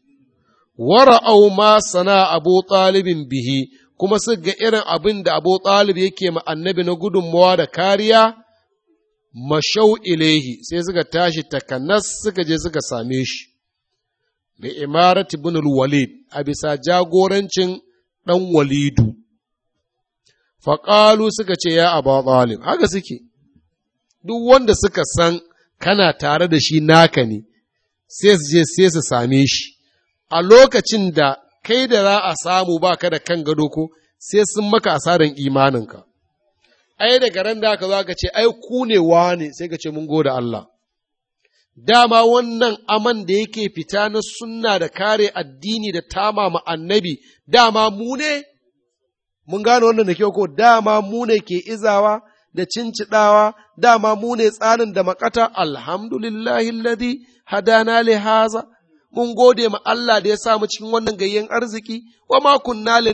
au ma sana abu ɗalibin bihi, kuma su ga irin abin da abu ɗalib yake ma annabi na gudunmawa da kariya, mashau ilaihi sai suka tashi takanas suka je suka same shi da imarat ibn walid a bisa jagorancin dan walidu faƙalu suka ce ya aba zalim haka suke duk wanda suka san kana tare da shi naka ne sai su je sai su same shi a lokacin da kai da za a samu ba ka da kan gado ko sai sun maka asarin imaninka ai daga ran da aka zo aka ce ai ku ne wane sai ka ce mun goda Allah dama wannan aman da yake fita na sunna da kare addini da ma annabi dama mu ne mun gane wannan da kyau ko dama mu ne ke izawa da cincidawa dama mu ne tsarin da makata alhamdulillahi alladhi hadana li haza mun gode ma Allah da ya samu cikin wannan gayyen arziki, wa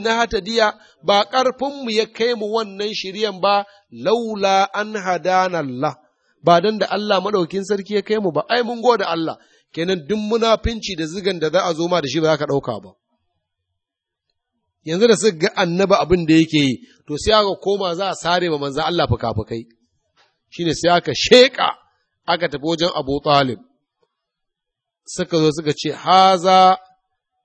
na hata diya. ba ƙarfinmu ya kai mu wannan shiryan ba, laula an hadana Allah, ba don da Allah maɗaukin sarki ya kai mu ba, ai mun gode Allah, kenan duk munafinci da zigan da za a zo ma da shi ba za ka ɗauka ba. Yanzu da suka ga annaba abin da yake yi, to sai aka koma za a sare ma manzan Allah fuka-fukai, shi ne sai aka sheƙa aka tafi wajen Abu Talib. suka zo suka ce, Haza,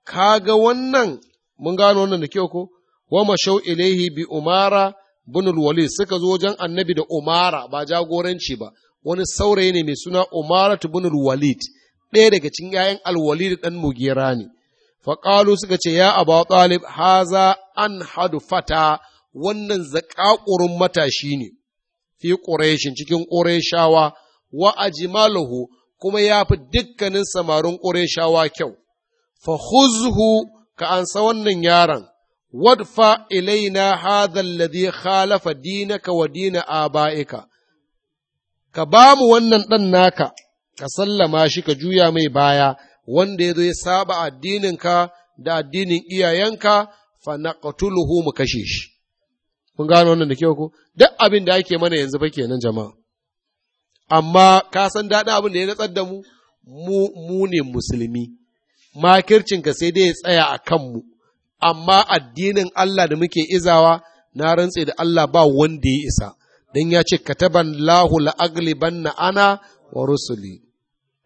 ka ga wannan, mun gano wannan da kyau ko, wa shau ilaihi bi umara bunul wali suka zo wajen annabi da umara ba jagoranci ba, wani saurayi ne mai suna umara bunul walid, ɗaya daga cikin ‘ya'yan alwalid ɗan mugera ne. Faƙalu suka ce, Ya abu ɗalib, haza an hadu fata, wannan zaƙaƙurin matashi ne, fi ƙureshin cikin ƙureshawa, wa ajimalahu kuma ya fi dukkanin samarin shawa kyau, fa huzhu ka ansa wannan yaron, wadfa ilaina hadha alladhi khalafa dinaka wa dina aba'ika, ka ba mu wannan ɗan naka, ka sallama shi ka juya mai baya, wanda ya zo ya saba addininka da addinin iyayenka, fa naqtuluhu mu kashe shi. Kun gano wannan da kyau ko? Duk abin da ake mana yanzu fa kenan jama'a. amma ka san daɗin abin da ya natsar da mu mu ne musulmi makircinka sai dai ya tsaya a kanmu amma addinin Allah da muke izawa na rantse da Allah ba wanda ya isa don ya ce kataban lahu la'agliban na ana wa rusuli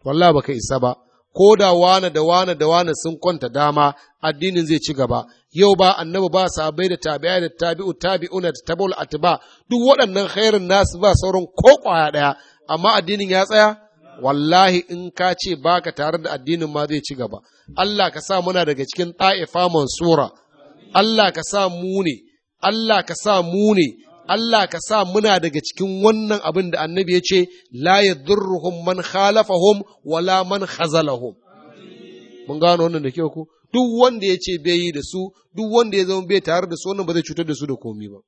wallah baka isa ba ko da wane da wane da wane sun kwanta dama addinin zai ci gaba yau ba annabi ba sabai da tabi'a da tabi'u tabi'una da tabul atba duk waɗannan khairin nasu ba sauran ko ƙwaya ɗaya amma addinin ya tsaya wallahi in ka ce baka tare da addinin ma zai ci gaba Allah ka sa muna daga cikin ta'ifa mansura Allah ka sa mu ne Allah ka sa mu ne Allah ka sa muna daga cikin wannan abin da annabi ya ce la yadurruhum man khalafahum wala man khazalahum mun gano wannan da kyau ko duk wanda ya ce bai yi da su duk wanda ya zama bai tare da su wannan ba zai cutar da su da komi ba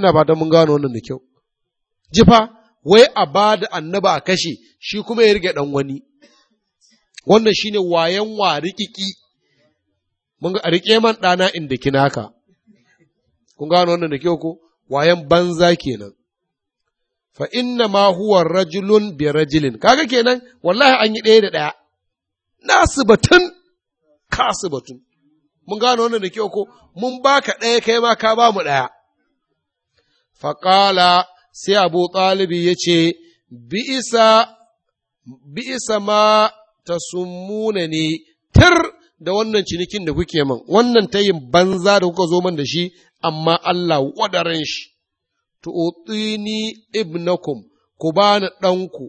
ina ba mun gano wannan da kyau jifa wai a ba da annaba a kashe shi kuma ya rike ɗan wani wannan shine wayan wa rikiki mun ga rike man ɗana inda kinaka kun gano wannan da kyau ko wayan banza kenan fa inna ma huwa rajulun bi rajulin kaga kenan wallahi an yi ɗaya da ɗaya nasu batun kasu batun mun gano wannan da kyau ko mun baka ɗaya kai ma ka ba mu ɗaya faƙala sai abu ɗalibi ya ce bi isa ma ta summuna ne tir da wannan cinikin da kuke min wannan tayin banza da kuka zo man da shi amma Allah wadaran shi tu'tini ibnakum ku bani ɗanku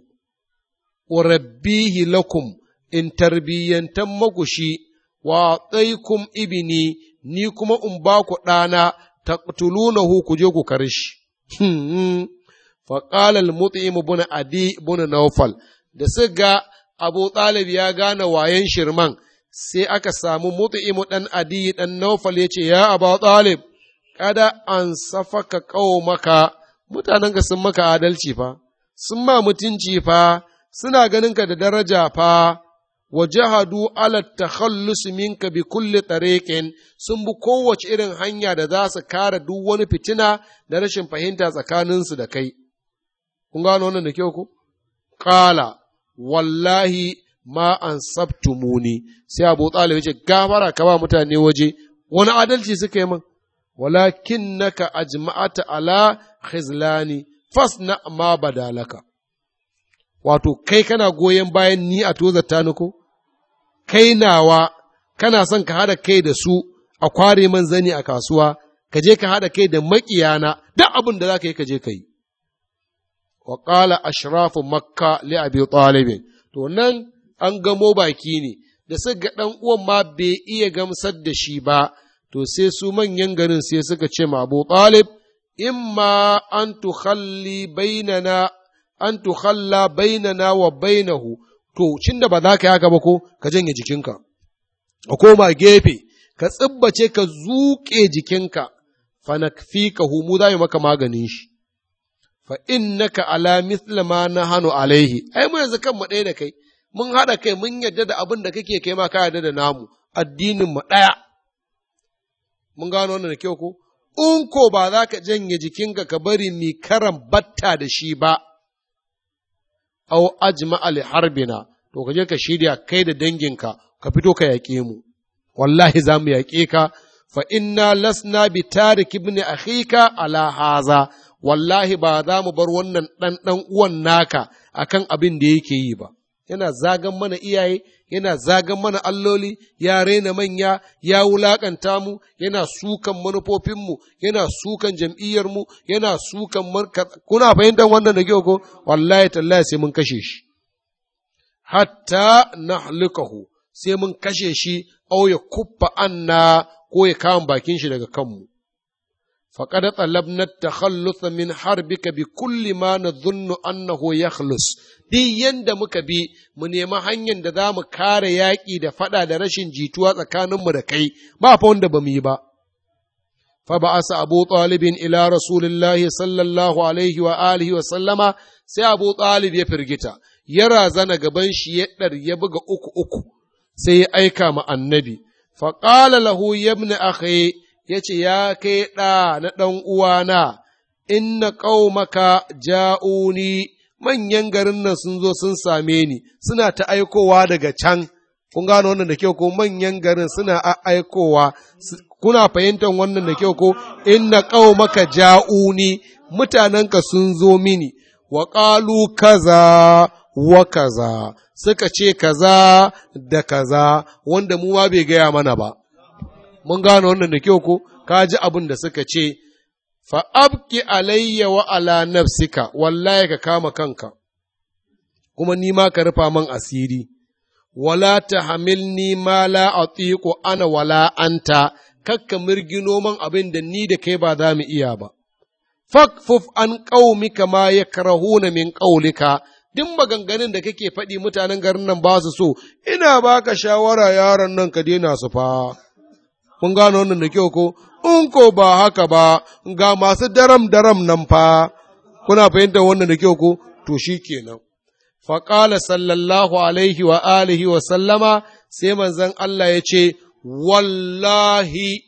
wa rabbihi lakum in tarbiyyantan magushi wa tsaikum ibini ni kuma in ba ku ɗana taqtulunahu ku je ku shi. [LAUGHS] Hmm, hmm. فقال المطعم بن عدي بن نوفل da su ga abu ɗalib ya gane wayan shirman sai aka samu mutu'imu ɗan adi ɗan naufal ya ce ya abu ɗalib kada an safaka maka mutanenka sun maka adalci fa sun ma mutunci fa suna ka da daraja fa wa jahadu ala takhallus minka bi kulli tariqin sun bi kowace irin hanya da za su kare duk wani fitina da rashin fahimta tsakaninsu da kai kun gano wannan da kyau ko qala wallahi ma an muni. sai Abu Talib yace gafara ka ba mutane waje wani adalci suka yi min walakin naka ajma'ata ala khizlani fasna ma badalaka wato kai kana goyon bayan ni a toza ni ko kai nawa kana son ka hada kai da su a kware man zani a kasuwa ka je ka hada kai da maƙiyana duk abin da za ka yi ka je ka yi wa qala ashrafu makka li abi talib to nan an gamo baki ne da suka ga dan uwan ma bai iya gamsar da shi ba to sai su manyan garin sai suka ce ma abu talib imma an tukhalli bainana an bainana wa bainahu to cin da ba za ka yi haka ba ko ka janye jikinka ka koma gefe ka tsibbace ka zuƙe jikinka fanakfi ka humu za maka maganin shi fa innaka ala mithla ma nahanu alaihi ai mu yanzu kanmu ɗaya da kai mun haɗa kai mun yadda da abin da kake kai ma ka yadda da namu addinin mu ɗaya mun gano wannan da kyau ko in ko ba za ka janye jikinka ka bari mi karan batta da shi ba aw ajma al harbina to ka ka shirya kai da dangin ka Ka fito ka yaƙe mu wallahi za mu yaƙe ka fa inna lasna bi tarik ibn akhika ala haza wallahi ba za mu bar wannan ɗan ɗan uwan naka a kan abin da yake yi ba yana zagan mana iyaye yana zagan mana alloli ya rena manya ya wulaƙanta mu yana sukan manufofinmu yana sukan jam'iyyarmu yana sukan kuna fahimtar wannan da ko wallahi tallahi sai mun kashe shi hatta na halukahu sai mun kashe shi au ya kuffa anna ko ya kama bakin shi daga kanmu فقد طلبنا التخلص من حربك بكل ما نظن أنه يخلص duk yanda muka bi mu nemi hanyar da za mu kare yaƙi da faɗa da rashin jituwa tsakaninmu da kai ba fa wanda ba mu yi ba fa ba'asa abu talibin ila rasulillahi sallallahu alaihi wa wa sallama sai abu talib ya firgita ya razana gaban shi ya ɗar ya buga uku uku sai ya aika ma annabi fa qala lahu yabna akhi ya ce, Ya kai ɗa na ɗan uwana, inna ƙaumaka ja'uni manyan garin nan sun zo sun same ni, suna ta aikowa daga can, kun gano wannan da kyau ko manyan garin suna aikowa, kuna fahimtar wannan da kyau ko inna ƙaumaka ja'uni mutanenka sun zo mini, wa ƙalu kaza wa kaza, suka ce kaza da kaza, wanda mu ma bai gaya mana ba. mun gano wannan da kyau ko ka ji abin da suka ce fa abki alayya wa ala nafsika wallahi ka kama kanka kuma ni ma ka rufa man asiri wala ta ni ma la atiqu ana wala anta kakka mirgino man abin da ni da kai ba za mu iya ba fakfuf an qaumi kama yakrahuna min qaulika duk maganganun da kake faɗi mutanen garin nan ba su so ina baka shawara yaron nan ka daina su fa Kun gano wannan da kyau ko? In ko ba haka ba, ga masu daram-daram nan fa, kuna fahimtar wannan da kyau ko? To shi kenan. Faƙala sallallahu alaihi wa alihi wa sallama sai manzon Allah ya ce, Wallahi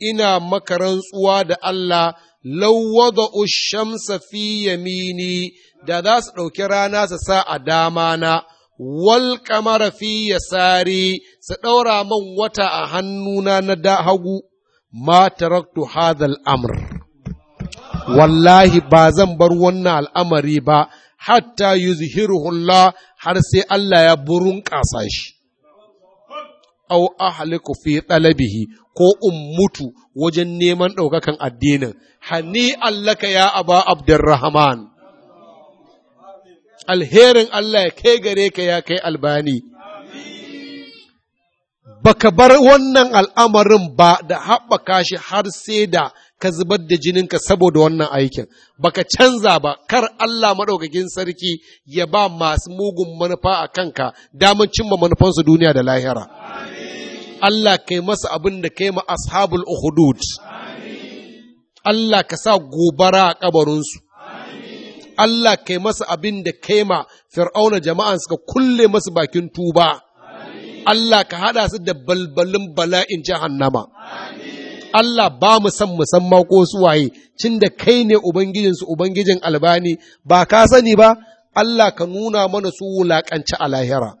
ina maka rantsuwa da Allah lawwada ush-shamsa fi yamini da za su ɗauki rana su sa a dama na wal kamara fi sare su ɗaura man wata a hannuna na da hagu ma taraktu hadal amr wallahi ba zan bar wannan al'amari ba hatta yuzhiruhullah har sai Allah ya burin ƙasa shi au ahliku fi talabihi ko in mutu wajen neman ɗaukakan addinin hani allaka ya aba abdurrahman alherin Allah ya kai gare ka ya kai albani. Baka bar wannan al'amarin ba da haɓaka shi har sai da ka zubar da jininka saboda wannan aikin, baka canza ba, kar Allah maɗaukakin sarki ya ba masu mugun manufa a kanka damar cimma manufansu duniya da lahira. Allah kai masa abin da kai ma ashabul uhudud. Allah ka sa gobara a kabarinsu. Allah kai masa abin da kaima fir'auna jama'an suka kulle masu bakin tuba. Allah ka haɗa su da balbalin bala'in jahannama. Allah ba mu san musamman ko suwaye, cin da kai ne Ubangijinsu Ubangijin albani, ba ka sani ba, Allah ka nuna mana su wulaƙanci a lahira.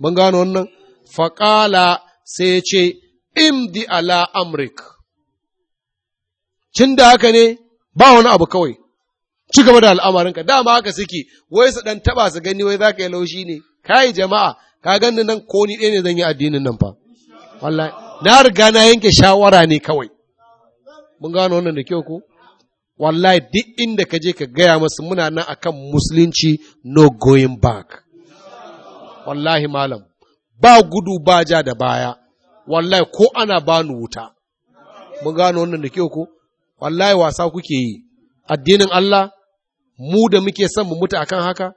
Mun gano wannan? Faƙala sai ya ce, Imdi ala Amrik. Cin da haka ne, ba wani abu kawai ci gaba da al'amarinka dama haka suke wai su dan taba su gani wai zaka yi laushi ne kai jama'a ka gani nan ko ni ɗaya ne zan yi addinin nan fa wallahi na riga na yanke shawara ne kawai mun gano wannan da kyau ko wallahi duk inda ka je ka gaya masu muna nan akan musulunci no going back wallahi malam ba gudu ba ja da baya wallahi ko ana bani wuta mun gano wannan da kyau ko wallahi wasa kuke yi addinin Allah mu da muke son mu mutu akan haka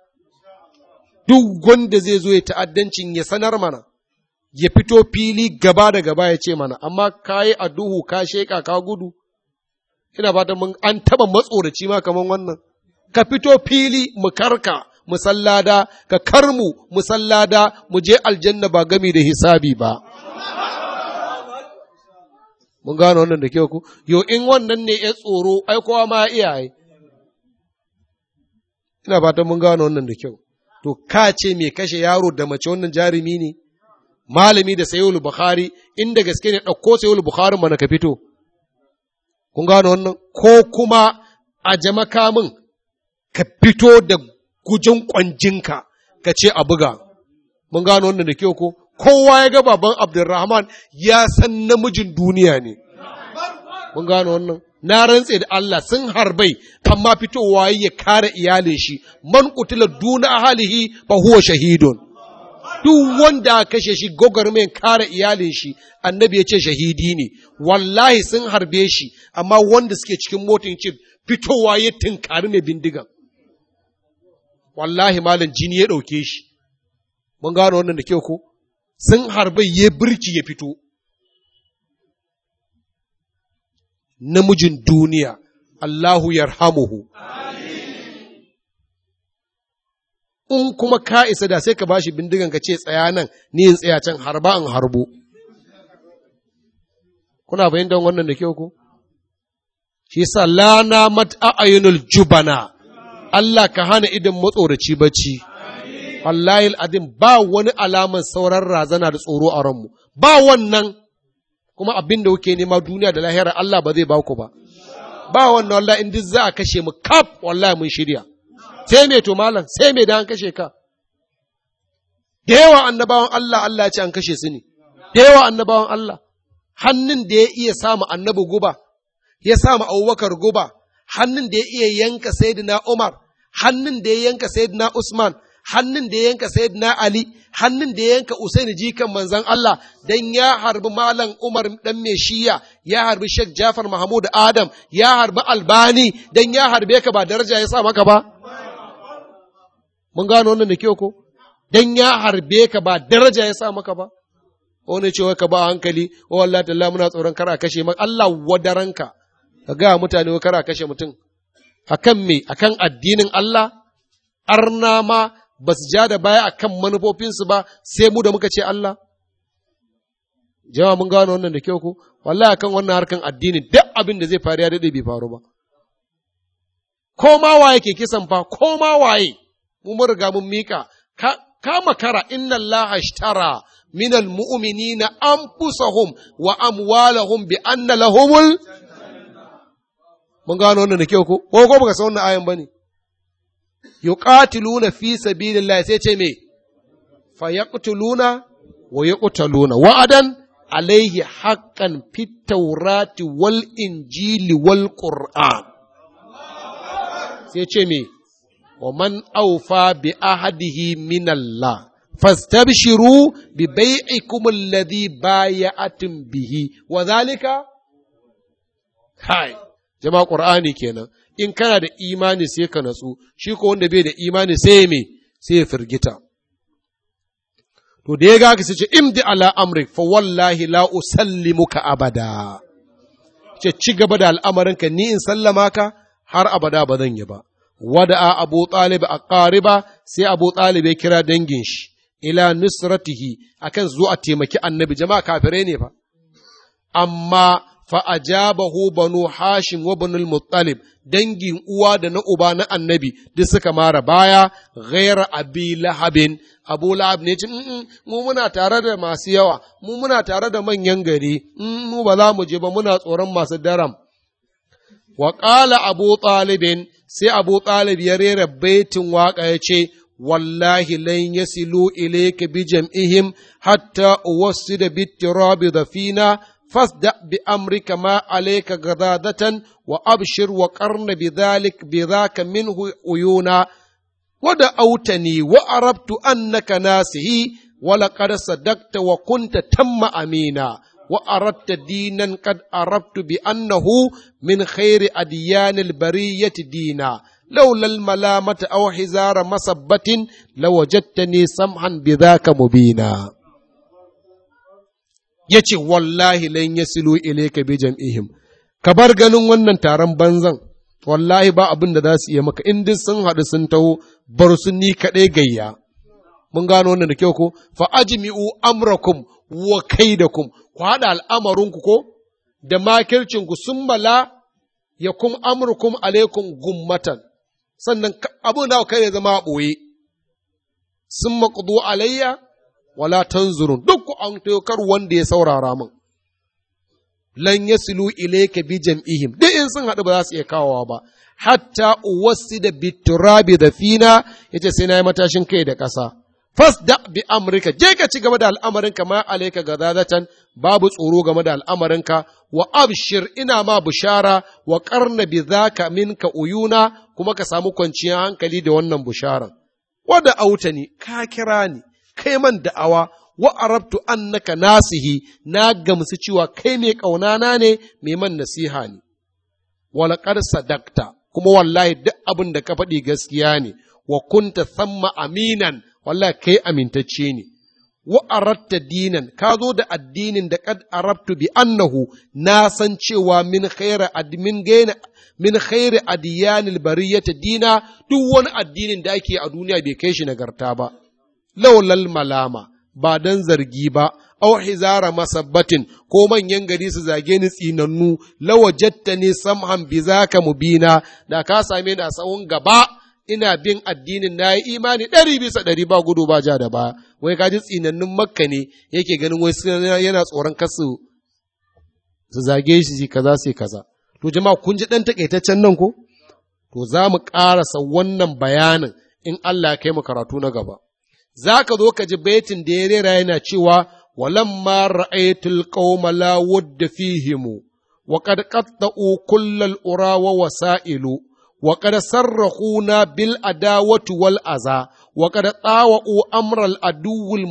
duk wanda zai zo ya ta'addancin ya sanar mana ya fito fili gaba da gaba ya ce mana amma kayi a duhu ka sheka ka gudu ina fata mun an taba matsoraci ma kaman wannan ka fito fili mu karka musallada ka karmu musallada mu je aljanna ba gami da hisabi ba mun gano wannan da kyau ku yo in wannan ne ya tsoro ai kowa ma iyaye ina fatan mun gano wannan da kyau to ka ce mai kashe yaro da mace wannan jarumi ne malami da sayyul bukhari inda gaske ne ɗauko sayyul bukhari mana ka fito kun gano wannan ko kuma a jamaka min ka fito da gujin kwanjinka ka ce a buga mun gano wannan da kyau ko kowa ya ga baban Abdulrahman ya san namijin duniya ne. Mun gano wannan, na rantse da Allah sun harbai, amma fitowa ya kare iyalin shi, man kutula duna ahalihi ba huwa shahidun. Duk wanda kashe shi gwagwarmayin kare iyalin shi, annabi ya ce shahidi ne, wallahi sun harbe shi, amma wanda suke cikin motin ce fitowa ya tunkari mai bindigan. Wallahi malam jini ya ɗauke shi. Mun gano wannan da kyau ko? sun harbai ya birki ya fito namijin duniya Allahu yarhamuhu in kuma ka isa da sai ka bashi bindigan ka ce tsaya nan ni in tsaya can harba in harbo kuna fahimtar wannan da kyau ku? shi sa lana mat jubana Allah ka hana idan matsoraci bacci wallahi adin ba wani alaman sauran razana da tsoro a ranmu ba wannan kuma abin da kuke nema duniya da lahira Allah ba zai ba ku ba ba wannan wallahi in duk za a kashe mu kaf wallahi mun shirya sai me to malam sai me da an kashe ka da yawa annabawan Allah Allah ya ce an kashe su ne da yawa annabawan Allah hannun da ya iya samu annabi guba ya samu Abubakar guba hannun da ya iya yanka Sayyidina Umar hannun da ya yanka Sayyidina Usman hannun da yanka sayyidina Ali, hannun da yanka Usaini jikan manzan Allah, dan ya harbi Malam Umar ɗan Meshiya, ya harbi Sheikh Jafar Mahmud Adam, ya harbi Albani, dan ya harbe ka ba daraja ya sa maka ba. Mun gano wannan da kyau ko? Dan ya harbe ka ba daraja ya sa maka ba. Wani cewa ka ba hankali, o oh, Allah talla muna tsoron kar a kashe maka, Allah wadaranka, ka ga mutane kar a kashe mutum. Akan me, akan addinin Allah, arna ma ba su ja da baya a kan manufofinsu ba sai mu da muka ce Allah? Jama mun gano wannan da kyau ko? Wallahi akan wannan harkan addini duk abin da zai faru ya daɗe bai faru ba. Ko ma waye ke kisan fa, ko ma waye, mu mun riga mun miƙa, ka makara inna Allah ashtara min anfusahum wa amwalahum bi anna lahumul Mun gano wannan da kyau ko? Ko ko baka san wannan ayan ne. yuqatiluna fi sabilillah sai ce me fa wa yuqtaluna wa'adan alaihi haqqan fit tawrati wal injili wal qur'an sai ce me wa man aufa bi ahadihi min Allah fastabshiru bi bai'ikum alladhi bay'atum bihi wa zalika hai jama'a qur'ani kenan in kana da imani sai ka natsu shi ko wanda bai da imani sai me sai ya firgita to da ya ga ka ce imdi ala amri fa wallahi la usallimuka abada ce ci gaba da al'amarin ka ni in sallama ka har abada ba zan yi ba wada abu talib a ba, sai abu talib ya kira dangin shi ila nusratihi akan zuwa taimaki annabi jama'a kafirai ne fa amma fa'ajabahu banu hashim wa banul muttalib dangin uwa da na uba na annabi duk suka mara baya ghaira abi lahabin ne ce mu muna tare da masu yawa mu muna tare da manyan gari mm, mu ba za mu je ba muna tsoron masu daram wa qala abu talibin sai abu talib ya rera baitin waka ya ce wallahi lan yasilu ilayka bi jam'ihim hatta uwassida bit turabi dafina فاصدع بأمرك ما عليك غضاضة وأبشر وقرن بذلك بذاك منه عيونا ودعوتني وعرفت أنك ناسه ولقد صدقت وكنت تم أمينا وأردت دينا قد عرفت بأنه من خير أديان البرية دينا لولا الملامة أو حزار مصبة لوجدتني سمحا بذاك مبينا ya ce wallahi lan yasilu Ilaika bi jam'ihim ka bar ganin wannan taron banzan wallahi ba abin da za su iya maka in sun haɗu sun taho bar su ni kaɗai gayya mun gano wannan da kyau ko fa ajmi'u amrakum wa kaidakum ku haɗa al'amarinku ko da makircinku sun mala ya kum amurkum alaikum gummatan sannan abin da kai ya zama a ɓoye sun maƙudu alayya wala tanzurun duk ku an kar wanda ya saurara min lan yasilu ilayka bi jam'ihim duk in sun hadu ba za su iya kawowa ba hatta uwassi da biturabi da fina yace sai na yi matashin kai da ƙasa da bi amrika je ka ci gaba da al'amarinka ma alayka gadadatan babu tsoro game da al'amarinka wa abshir ina ma bushara wa qarna bi zaka minka uyuna kuma ka samu kwanciyar hankali da wannan bushara wada autani ka kira ni kai man da'awa wa arabtu annaka nasihi na gamsu cewa kai mai ƙaunana ne mai man nasiha ne walaqad sadakta kuma wallahi duk abin da ka faɗi gaskiya ne wa kunta thamma aminan wallahi kai amintacce ne wa aratta dinan ka zo da addinin da kad arabtu bi annahu na san cewa min khaira admin gaina min khaira adiyanil bariyata dina duk wani addinin da ake a duniya bai kai shi nagarta ba laulal malama ba don zargi ba au hizara masabbatin ko manyan gari su zage ni tsinannu lawajatta ne samhan bi mu mubina da ka same ni tsawon gaba ina bin addinin na yi imani ɗari bisa ɗari ba gudu ba ja da ba wai ka ji tsinannun makka ne yake ganin wai yana tsoron kasu su zage shi kaza sai kaza to jama'a kun ji ɗan takaitaccen nan ko to za mu ƙarasa wannan bayanin in Allah ya kai mu karatu na gaba za ka zo ka ji baitin da ya rera yana cewa walamma ra'aytul qauma la wadda fihimu wa qad qatta'u kullal ura wa wasailu wa qad sarrahuna bil adawati wal aza wa qad tawa'u amra al aduwil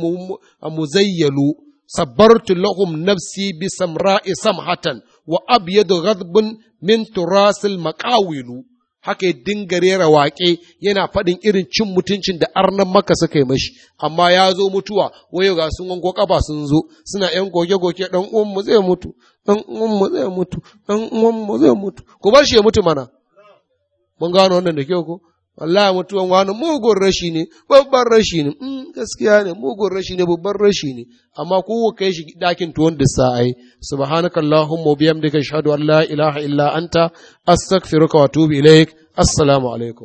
muzayyalu sabbartu lahum nafsi bi samra'i samhatan wa abyadu ghadbun min turasil maqawilu haka ya dinga rera waƙe yana faɗin irin cin mutuncin da arnan maka suka yi mashi amma ya zo mutuwa wayo ga sun wanko kafa sun zo suna yan goge goge dan uwan mu zai mutu dan uwan mu zai mutu dan uwan mu zai mutu ku bar shi ya mutu mana mun gano wannan da kyau ko wallahi mutuwan wani mugun rashi ne babban rashi ne in mm, gaskiya ne mugun rashi ne babban rashi ne amma ku kai shi dakin tuwon da sa'ai subhanakallahumma daga shahadu an la ilaha illa anta astaghfiruka wa atubu ilaik assalamu alaikum